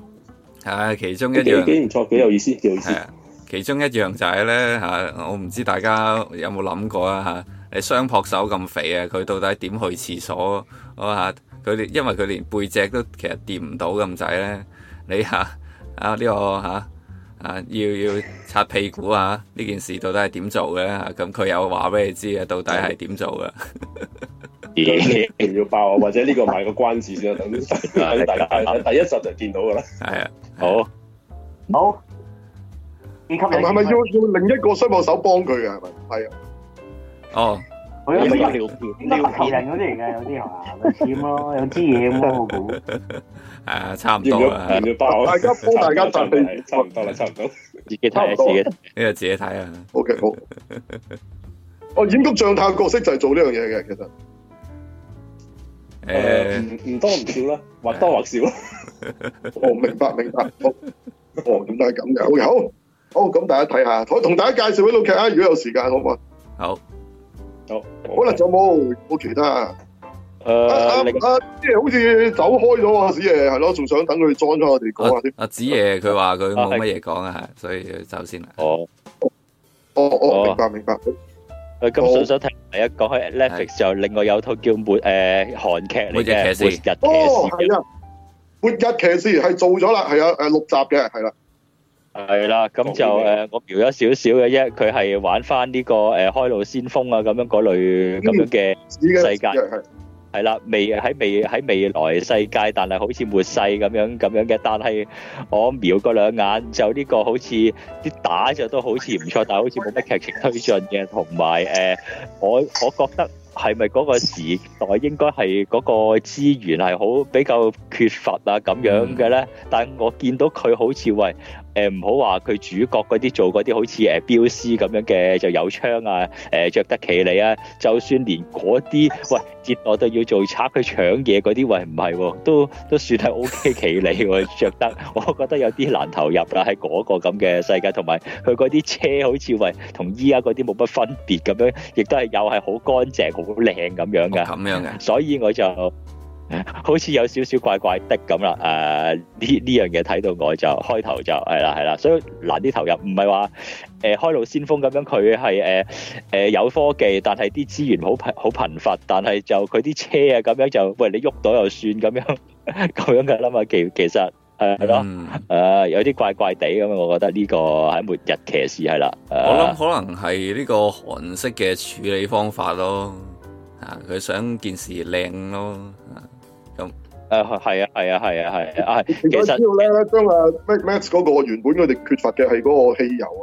其中一樣幾唔錯，幾有意思，啊，其中一樣就係、是、咧、啊、我唔知大家有冇諗過啊嚇？你雙槓手咁肥啊，佢到底點去廁所啊？佢哋，因為佢連背脊都其實掂唔到咁滯咧，你嚇、呢個、啊呢個嚇啊要要擦屁股啊，呢件事到底係點做嘅？咁佢有話俾你知啊，到底係點做嘅？唔 要爆我，或者呢個賣個關子先等大家第一集就見到㗎啦。係 啊，啊好，好，唔及人係咪要要另一個雙手手幫佢啊係咪？係啊，哦。Oh. 有啲咪醫療片，黐人嗰啲嚟噶，有啲話咪黐咯，有啲嘢咁咯，我估。誒，差唔多啊，大家幫大家分，差唔多啦，差唔多。自己睇，自己睇啊。OK，好。我演嗰偵探角色就係做呢樣嘢嘅，其實。誒，唔唔多唔少啦，或多或少啦。哦，明白明白。哦，原來係咁樣。好，好，咁大家睇下，我同大家介紹啲老劇啊。如果有時間，好唔好？好。可能就冇冇其他，啊。誒、uh, 啊，阿阿子爺好似走開咗啊！子爺係咯，仲想等佢裝咗我哋講下先。阿子爺佢話佢冇乜嘢講啊，他他 oh, 所以先走先啦。哦，哦哦，明白明白。誒、oh. 白，咁想想提第一講開 Netflix 就另外有套叫《末誒韓劇》嚟嘅《末日騎士》。哦，係啊，《末日騎士》係，oh, 做咗啦，係啊，誒六集嘅，係、呃、啦。係啦，咁就誒，我瞄咗少少嘅啫，佢係玩翻呢個誒開路先鋒啊咁樣嗰類咁樣嘅世界，係啦，未喺未喺未來世界，但係好似末世咁樣咁樣嘅，但係我瞄過兩眼就呢個好似啲打就都好似唔錯，但係好似冇乜劇情推進嘅，同埋誒，我我覺得係咪嗰個時代應該係嗰個資源係好比較缺乏啊咁樣嘅咧？但係我見到佢好似喂。誒唔好話佢主角嗰啲做嗰啲好似誒標師咁樣嘅，就有槍啊誒著、呃、得企你啊，就算連嗰啲喂，接我哋要做賊去搶嘢嗰啲喂唔係喎，都都算係 O K 企你喎，著 得我覺得有啲難投入啦、啊，喺嗰個咁嘅世界，同埋佢嗰啲車好似喂同依家嗰啲冇乜分別咁樣，亦都係又係好乾淨好靚咁樣嘅，咁樣嘅，所以我就，好似有少少怪怪的咁啦，誒呢呢樣嘢睇到我就開頭就係啦係啦，所以難啲投入，唔係話誒開路先鋒咁樣，佢係誒誒有科技，但係啲資源好好貧乏，但係就佢啲車啊咁樣就，喂你喐到就算咁樣咁樣噶啦嘛，其其實誒係咯，誒、嗯呃、有啲怪怪地咁樣，我覺得呢個喺末日騎士係啦，我諗可能係呢個韓式嘅處理方法咯，啊佢想件事靚咯。啊誒係啊係啊係啊係啊係，其實知道咧將誒 Max 嗰個原本佢哋缺乏嘅係嗰個汽油啊，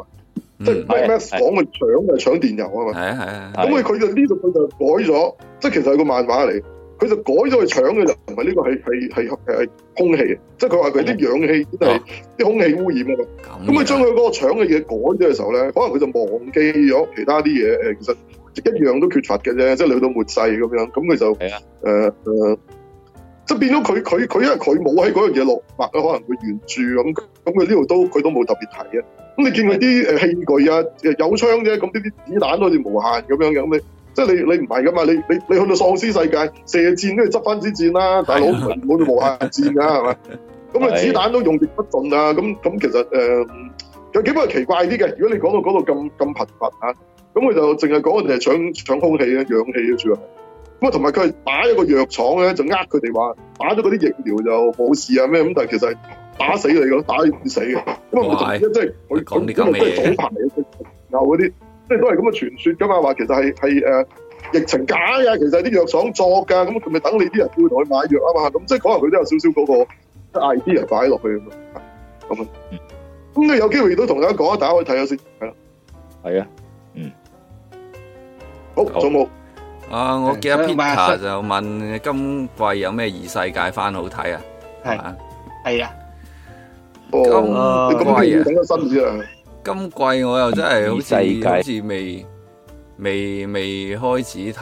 即係 Max 講嘅搶就係搶電油啊嘛，係啊係啊，咁佢佢就呢度佢就改咗，即係其實係個漫畫嚟，佢就改咗去搶嘅就唔係呢個係係係係空氣，即係佢話佢啲氧氣都係啲空氣污染啊嘛，咁佢將佢嗰個搶嘅嘢改咗嘅時候咧，可能佢就忘記咗其他啲嘢，其實一樣都缺乏嘅啫，即係去到末世咁樣，咁佢就誒誒。即係變咗佢佢佢，因為佢冇喺嗰樣嘢落墨，佢可能會原住。咁，咁佢呢度都佢都冇特別睇啊。咁你見佢啲誒器具啊，有槍啫，咁呢啲子彈好似無限咁樣樣。咁你即係你你唔係噶嘛？你你你，你去到喪屍世界，射箭都要執翻支箭啦、啊， 大佬冇咁無限箭㗎係咪？咁啊 子彈都用極不盡啊！咁咁其實誒，有基本奇怪啲嘅。如果你講到嗰度咁咁頻繁嚇、啊，咁佢就淨係講人哋係搶搶空氣啊、氧氣啊，咁同埋佢係打一個藥廠咧，就呃佢哋話打咗嗰啲疫苗就冇事啊咩咁，但係其實打死你噶咯，打就死嘅，咁啊，即係佢咁都係早排嘅牛嗰啲，即係都係咁嘅傳說噶嘛，話其實係係誒疫情假啊，其實啲藥廠作噶，咁同咪等你啲人去同佢買藥啊嘛，咁即係可能佢都有少少嗰個 idea 擺落去咁啊，咁啊、 嗯，咁你有機會都同大家講一打，可以睇下先，係啦，係啊，嗯，好仲冇。好啊！我記得阿 Peter 就問今季有咩異世界翻好睇啊？係係啊！今季啊，今季我又真係好似好似未未未開始睇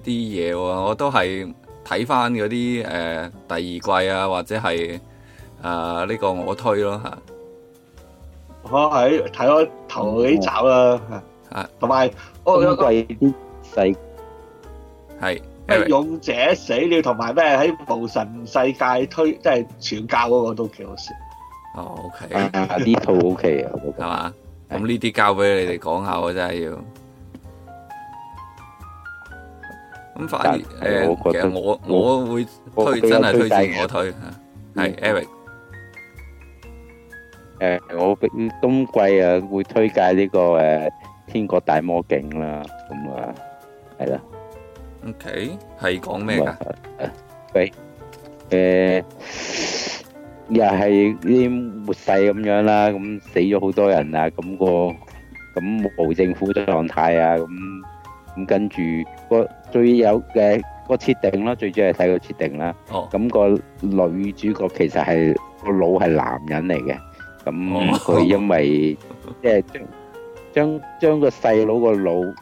啲嘢，我都係睇翻嗰啲誒第二季啊，或者係誒呢個我推咯吓。我係睇我頭幾集啦吓，同埋我一個細。係咩勇者死了，同埋咩喺無神世界推，即係全教嗰個都幾好笑。哦，OK，呢套 OK 啊，係嘛？咁呢啲交俾你哋講下，我真係要咁反而誒，其實我我會推，真係推薦我推係 Eric。誒，我冬季啊會推介呢個誒《天國大魔境》啦，咁啊係啦。OK，係講咩噶？喂，誒，又係啲末世咁樣啦，咁死咗好多人啊，咁個咁無政府嘅狀態啊，咁咁跟住個最有嘅個設定啦，最主要係睇個設定啦。哦，咁個女主角其實係個腦係男人嚟嘅，咁佢因為即係將將將個細佬個腦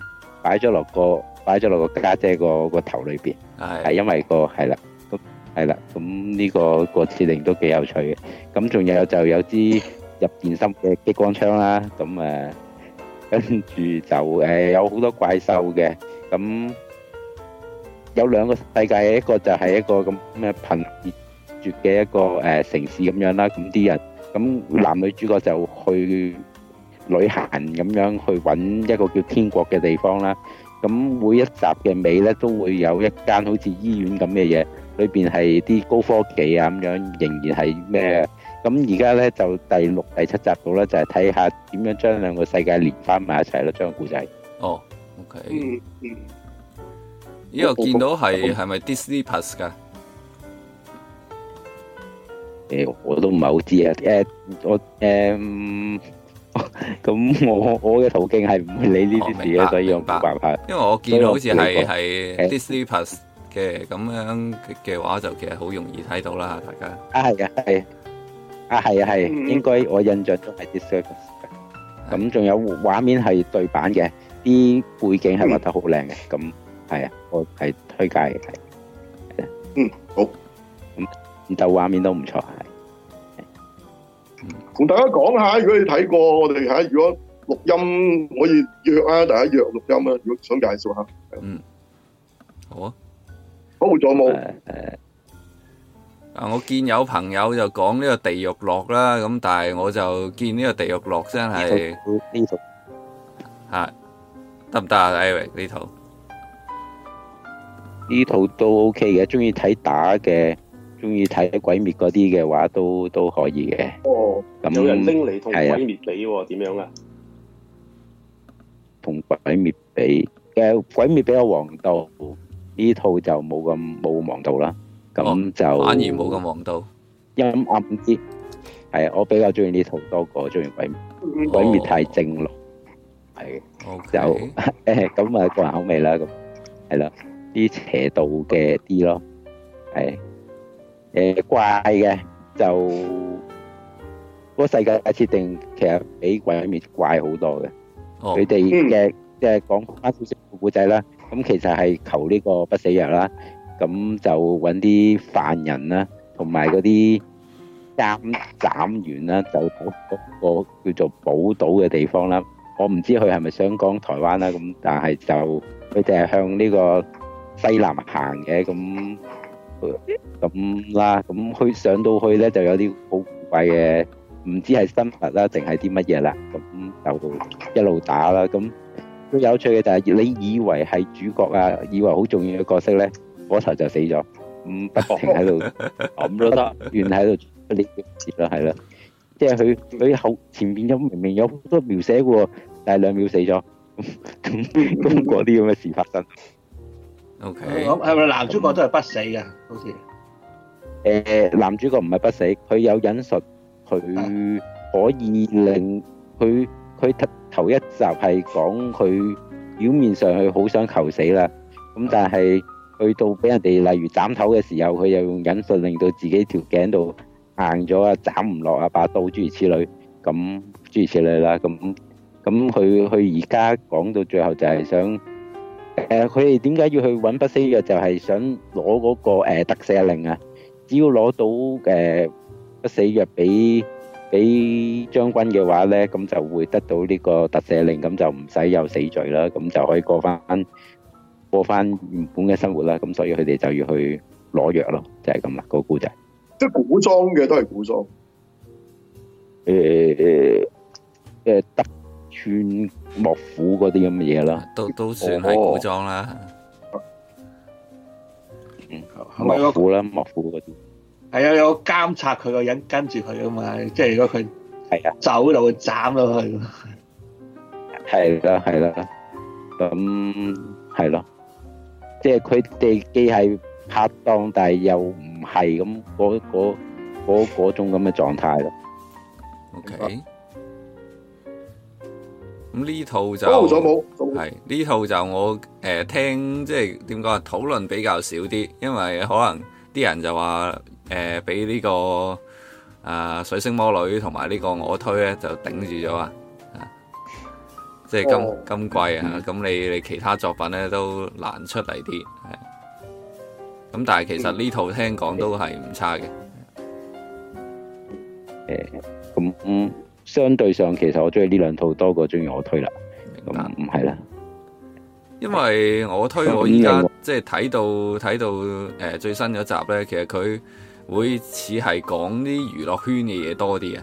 擺咗落個。擺咗落個家姐個個頭裏邊，係的因為、那個係啦，咁係啦，咁呢、這個個設定都幾有趣嘅。咁仲有就有一支入電芯嘅激光槍啦，咁誒、啊、跟住就誒、欸、有好多怪獸嘅，咁有兩個世界，一個就係一個咁咩貧絕嘅一個誒、呃、城市咁樣啦。咁啲人咁男女主角就去旅行咁樣去揾一個叫天國嘅地方啦。咁每一集嘅尾咧，都會有一間好似醫院咁嘅嘢，裏邊係啲高科技啊咁樣，仍然係咩？咁而家咧就第六、第七集度咧，就係睇下點樣將兩個世界連返埋一齊咯，將個故仔。哦，OK。嗯嗯。呢個見到係係咪 Disney+ 噶？誒，我都唔係好知啊！誒，我誒嗯。咁我我嘅途徑係唔會理呢啲事嘅，所以我冇辦法。因為我見到好似係係 Disney Plus 嘅咁樣嘅話，就其實好容易睇到啦吓，大家。啊係嘅係，啊係啊係，應該我印象都係 Disney Plus。咁仲有畫面係對版嘅，啲背景係畫得好靚嘅，咁係啊，我係推介嘅，係。嗯好，咁就畫面都唔錯。同大家講下，如果你睇過我哋吓，如果錄音，可以約啊，大家約錄音啦。如果想介紹下，嗯，好啊，好在冇誒誒。啊，我見有朋友就講呢個地獄樂啦，咁但係我就見呢個地獄樂真係呢套吓得唔得啊？Eric 呢套呢套都 OK 嘅，中意睇打嘅。中意睇《鬼滅》嗰啲嘅話，都都可以嘅。哦，有人拎嚟同《鬼滅》比喎，點樣啊？同《鬼滅》比嘅，《鬼滅》比較王道，呢套就冇咁冇王道啦。咁就反而冇咁王道，陰暗啲。係啊，我比較中意呢套多過中意《鬼滅》。《鬼滅》太正咯，係就誒咁啊個人口味啦。咁係啦，啲邪道嘅啲咯，係。誒，怪嘅就個世界嘅設定其實比鬼片怪好多嘅。佢哋嘅即係講翻少少古仔啦。咁其實係求呢個不死藥啦，咁就揾啲犯人啦，同埋嗰啲斬斬完啦，就嗰嗰個叫做寶島嘅地方啦。我唔知佢係咪想講台灣啦，咁但係就佢哋係向呢個西南行嘅咁。咁啦，咁去上到去咧，就有啲好古怪嘅，唔知係生物啦，定係啲乜嘢啦。咁就一路一路打啦，咁都有趣嘅就係你以為係主角啊，以為好重要嘅角色咧，嗰頭就死咗，咁不停喺度咁都得，亂喺度，嗰啲事啦，係啦，即係佢佢後前邊有明明有好多描寫嘅，但係兩秒死咗，咁咁嗰啲咁嘅事發生。咁係咪男主角都係不死嘅？好似誒男主角唔係不死，佢有忍術，佢可以令佢佢頭頭一集係講佢表面上佢好想求死啦。咁但係去到俾人哋例如斬頭嘅時候，佢又用忍術令到自己條頸度硬咗啊，斬唔落啊，把刀諸如此類咁諸如此類啦。咁咁佢佢而家講到最後就係想。誒，佢哋點解要去搵不死藥？就係想攞嗰個誒特赦令啊！只要攞到誒不死藥俾俾將軍嘅話咧，咁就會得到呢個特赦令，咁就唔使有死罪啦，咁就可以過翻過翻原本嘅生活啦。咁所以佢哋就要去攞藥咯，就係咁啦。個故仔即係古裝嘅，都係古裝。誒誒，德川。幕府嗰啲咁嘅嘢啦，都都算係古裝啦，嗯，幕府啦，幕府嗰啲，係啊，有監察佢個人，跟住佢噶嘛，即係如果佢係啊，走就會斬落去，係啦，係啦，咁係咯，即係佢哋既係拍檔，但係又唔係咁嗰嗰嗰嗰種咁嘅狀態咯，O K。咁呢套就係呢套就我誒聽即係點講啊討論比較少啲，因為可能啲人就話誒俾呢個啊水星魔女同埋呢個我推咧就頂住咗啊，即係今今季啊，咁你你其他作品咧都難出嚟啲，係咁但係其實呢套聽講都係唔差嘅，誒咁嗯。相對上，其實我中意呢兩套多過中意我推啦，咁唔係啦，因為我推、嗯、我依家、嗯、即係睇到睇到誒最新嗰集咧，其實佢會似係講啲娛樂圈嘅嘢多啲啊，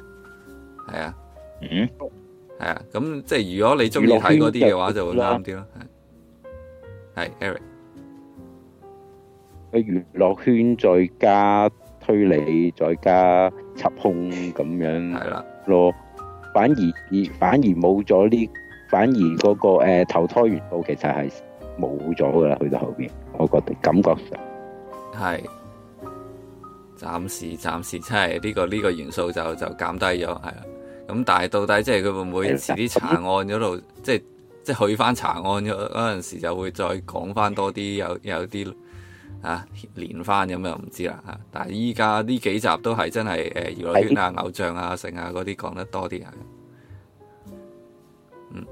係、嗯、啊，嗯，係啊，咁即係如果你中意睇嗰啲嘅話就會啱啲咯，係 Eric，喺娛樂圈再加推理再加插空咁樣，係啦、啊，咯。反而而反而冇咗呢，反而嗰、那個、呃、投胎元素其實係冇咗㗎啦，去到後邊，我覺得感覺上係暫時暫時真係呢、這個呢、這個元素就就減低咗，係啦。咁但係到底即係佢會唔會遲啲查案嗰度，即係即係去翻查案嗰嗰陣時，就會再講翻多啲有有啲。啊，連翻咁又唔知啦、啊、但係依家呢幾集都係真係誒，娛樂圈啊、偶像啊、成啊嗰啲講得多啲啊。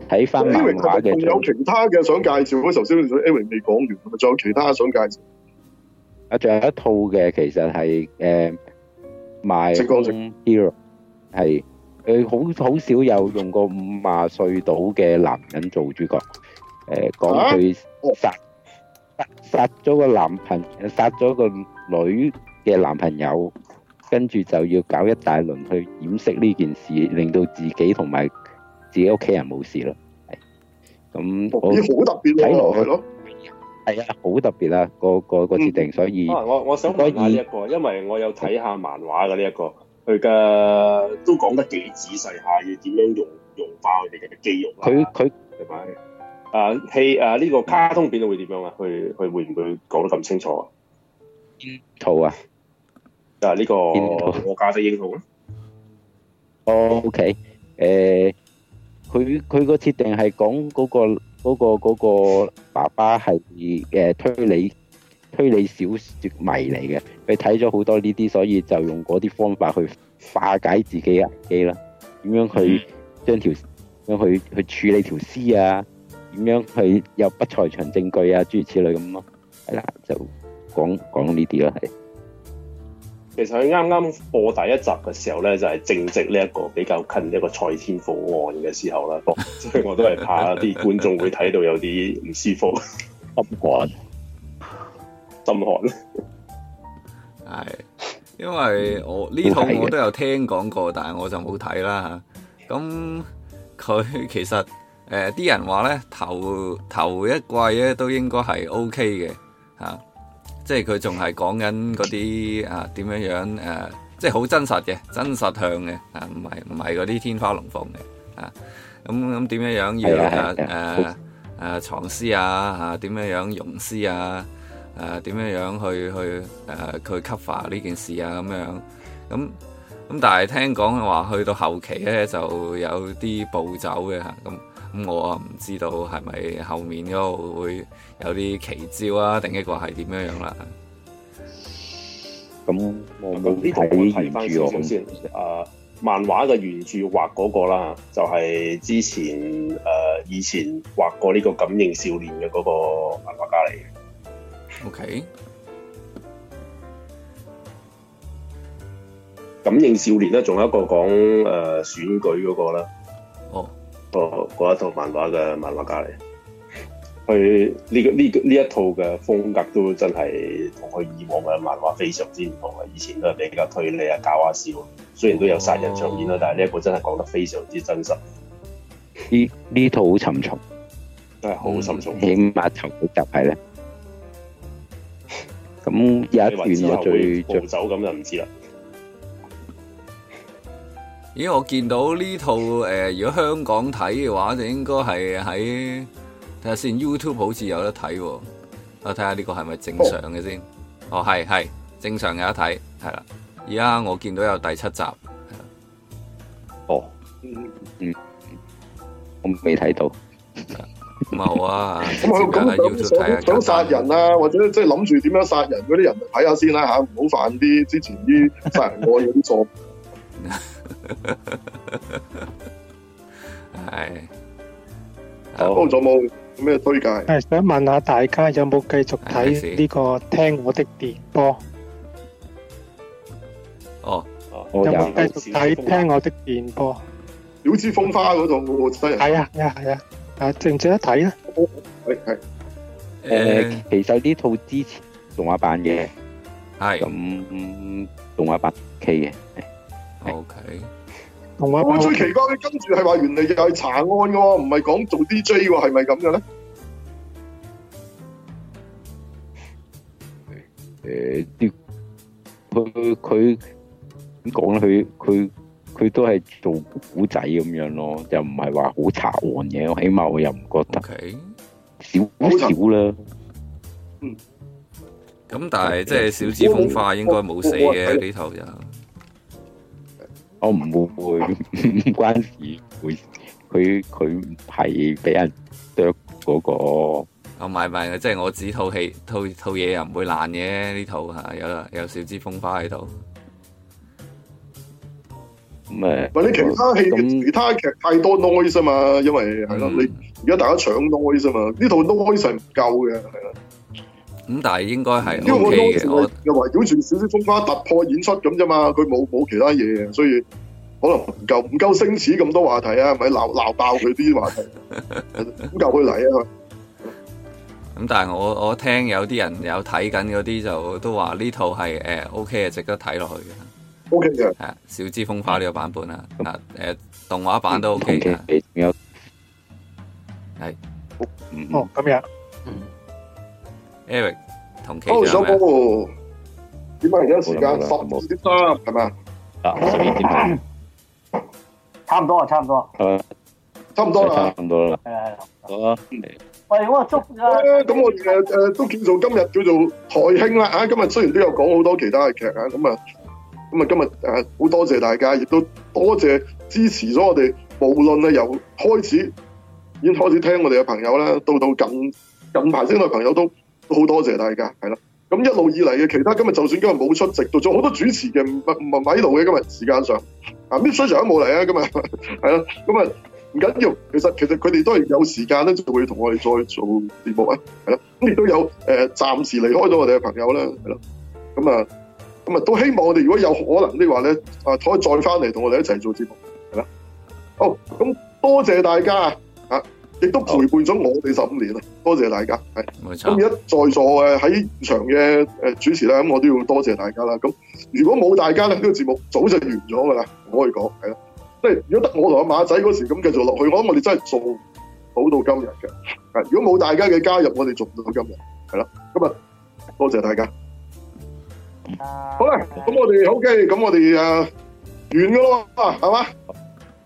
睇翻仲有其他嘅想介紹啊！頭先阿銘未講完，仲有其他想介紹。啊、嗯，仲有一套嘅，其實係誒賣《英、uh, Hero》他很，係佢好好少有用過五十歲到嘅男人做主角，誒講佢殺殺咗個男朋友，殺咗個女嘅男朋友，跟住就要搞一大輪去掩飾呢件事，令到自己同埋自己屋企人冇事咯。係咁，好特別，睇落去咯，係啊，好特別啊，個個個設定，所以我我想問下呢一個，因為我有睇下漫畫㗎呢一個，佢嘅都講得幾仔細下要，點樣用融化佢哋嘅肌肉。佢佢。啊，係啊，uh, hey, uh，呢個卡通片會點樣啊？佢佢會唔會講得咁清楚啊？圖啊，啊呢個《我家的英雄》咯。哦，OK，誒，uh, uh, so kind of mm，佢佢個設定係講嗰個個個爸爸係誒推理推理小說迷嚟嘅。佢睇咗好多呢啲，所以就用嗰啲方法去化解自己嘅危機啦。點樣去將條點去處理條屍啊？點樣去有不在場證據啊？諸如此類咁咯，係啦，就講講呢啲咯，係。其實佢啱啱播第一集嘅時候咧，就係正值呢一個比較近一個蔡天鳳案嘅時候啦， 所以我都係怕啲觀眾會睇到有啲唔舒服、 心寒。心寒係，因為我呢套、嗯、我都有聽講過，但係我就冇睇啦吓。咁佢其實。誒啲、呃、人話呢頭，頭一季呢都應該係 O K 嘅，即係佢仲係講緊嗰啲啊點樣樣、啊、即係好真實嘅真實向嘅啊，唔係嗰啲天花龍鳳嘅咁咁點樣樣要誒誒誒藏屍啊點樣樣融屍啊？點、啊、樣、啊啊、樣去去誒、啊、去吸 o 呢件事呀、啊？咁樣咁、啊、但係聽講話去到後期呢就有啲步走嘅咁、嗯、我啊唔知道係咪後面嗰個會有啲奇招啊，定、嗯啊、一個係點樣樣啦？咁我咁呢套我睇翻原著先。啊，漫畫嘅原著畫嗰、那個啦，就係、是、之前誒、呃、以前畫過呢個《感應少年》嘅嗰個漫畫家嚟嘅。OK，《感應少年》呢咧，仲有一個講誒、呃、選舉嗰個啦。個嗰、哦、一套漫畫嘅漫畫家嚟，佢呢個呢呢一套嘅風格都真係同佢以往嘅漫畫非常之唔同，以前都係比較推理啊、搞下笑，雖然都有殺人場面啦，嗯、但係呢一個真係講得非常之真實。呢呢套好沉重，真係好沉重，起碼沉到窒係咧。咁、嗯、有一段我最着走咁就唔知啦。咦，我見到呢套誒、呃，如果香港睇嘅話，就應該係喺睇下先。YouTube 好似有得睇、哦，我睇下呢個係咪正常嘅先。哦，係係、哦哦、正常有得睇，係啦。而家我見到有第七集。哦，嗯，嗯，嗯我未睇到，冇、嗯、啊。咁 啊，咁咁想殺人啊，或者即係諗住點樣殺人嗰啲人，睇下 先啦、啊、吓，唔好犯啲之前啲殺人案嗰啲錯。 哈哈哈！係好 是，幫冇咩推介？係想問下大家有冇繼續睇呢、這個聽我的電波？哦，oh. Oh, 有冇繼續睇聽我的電波？鳥之、oh. oh, yeah. 風花嗰套，犀利係啊係啊係啊，值唔值得睇咧？係誒、啊，要要 oh. Hey . uh. 其實呢套之前動畫版嘅係咁動畫版 K 嘅。Hey. O K，同埋我最奇怪，你跟住係話原嚟又係查案嘅喎，唔係講做 D J 喎，係咪咁嘅咧？誒，啲佢佢點講咧？佢佢佢都係做古仔咁樣咯，又唔係話好查案嘅。我起碼我又唔覺得少 Okay. 少啦。咁像、嗯、但係即係小子風化應該冇死嘅呢頭人。我唔會唔關事，會佢佢唔係俾人剁嗰個。我買埋即係我只套戲套套嘢又唔會爛嘅呢套吓，有有少支風花喺度。咁啊，嗯，或者其他戲其他劇太多 noise 啊嘛，因為係咯，嗯，你而家大家搶 noise 啊嘛，呢套 noise 唔夠嘅，係啦。咁但係應該係 O K 嘅，我又圍繞住小資風花突破演出咁啫嘛，佢冇冇其他嘢，所以可能唔夠唔夠星矢咁多話題啊，咪鬧鬧爆佢啲話題，夠佢嚟啊！咁但係我我聽有啲人有睇緊嗰啲就都話呢套係誒 O K 啊，欸、OK, 值得睇落去嘅，O K 嘅係啊，小資、OK、的風花呢個版本啊，嗱誒、嗯呃、動畫版都 O K 嘅，係、嗯嗯、是哦咁樣。Eric 同其他啊，點解而家時間十二點三係咪？啊，十差唔多啊，差唔多啊，差唔多啦，差唔多啦，係好啊，喂，好啊，祝啊、嗯，咁、嗯、我誒誒、呃、都叫做今日叫做台慶啦啊！今日雖然都有講好多其他嘅劇啊，咁啊，咁啊，今日誒好多謝大家，亦都多謝支持咗我哋，無論咧由開始已經開始聽我哋嘅朋友啦，到到近近排識嘅朋友都。都好多謝大家，係啦。咁一路以嚟嘅其他今日，就算今日冇出席，仲有好多主持嘅，唔係唔係喺度嘅今日時間上。啊 Mitchie Sir 都冇嚟啊，今日係啦。咁啊，唔緊要。其實其實佢哋都係有時間咧，就會同我哋再做節目啊。係咯，咁亦都有誒，暫時離開咗我哋嘅朋友啦，係咯。咁啊，咁啊，都希望我哋如果有可能嘅話咧，啊可以再翻嚟同我哋一齊做節目，係啦。好，咁多謝大家。亦都陪伴咗我哋十五年啊！多謝大家，係冇錯。咁而家在座嘅喺場嘅誒主持咧，咁我都要多謝大家啦。咁如果冇大家咧，呢個節目早就完咗噶啦，我可以講，係啦。即係如果得我同阿馬仔嗰時咁繼續落去，我諗我哋真係做到今日嘅。係如果冇大家嘅加入，我哋做唔到今日，係啦。今日多謝大家，好啦，咁我哋 OK，咁我哋誒完噶咯，係嘛。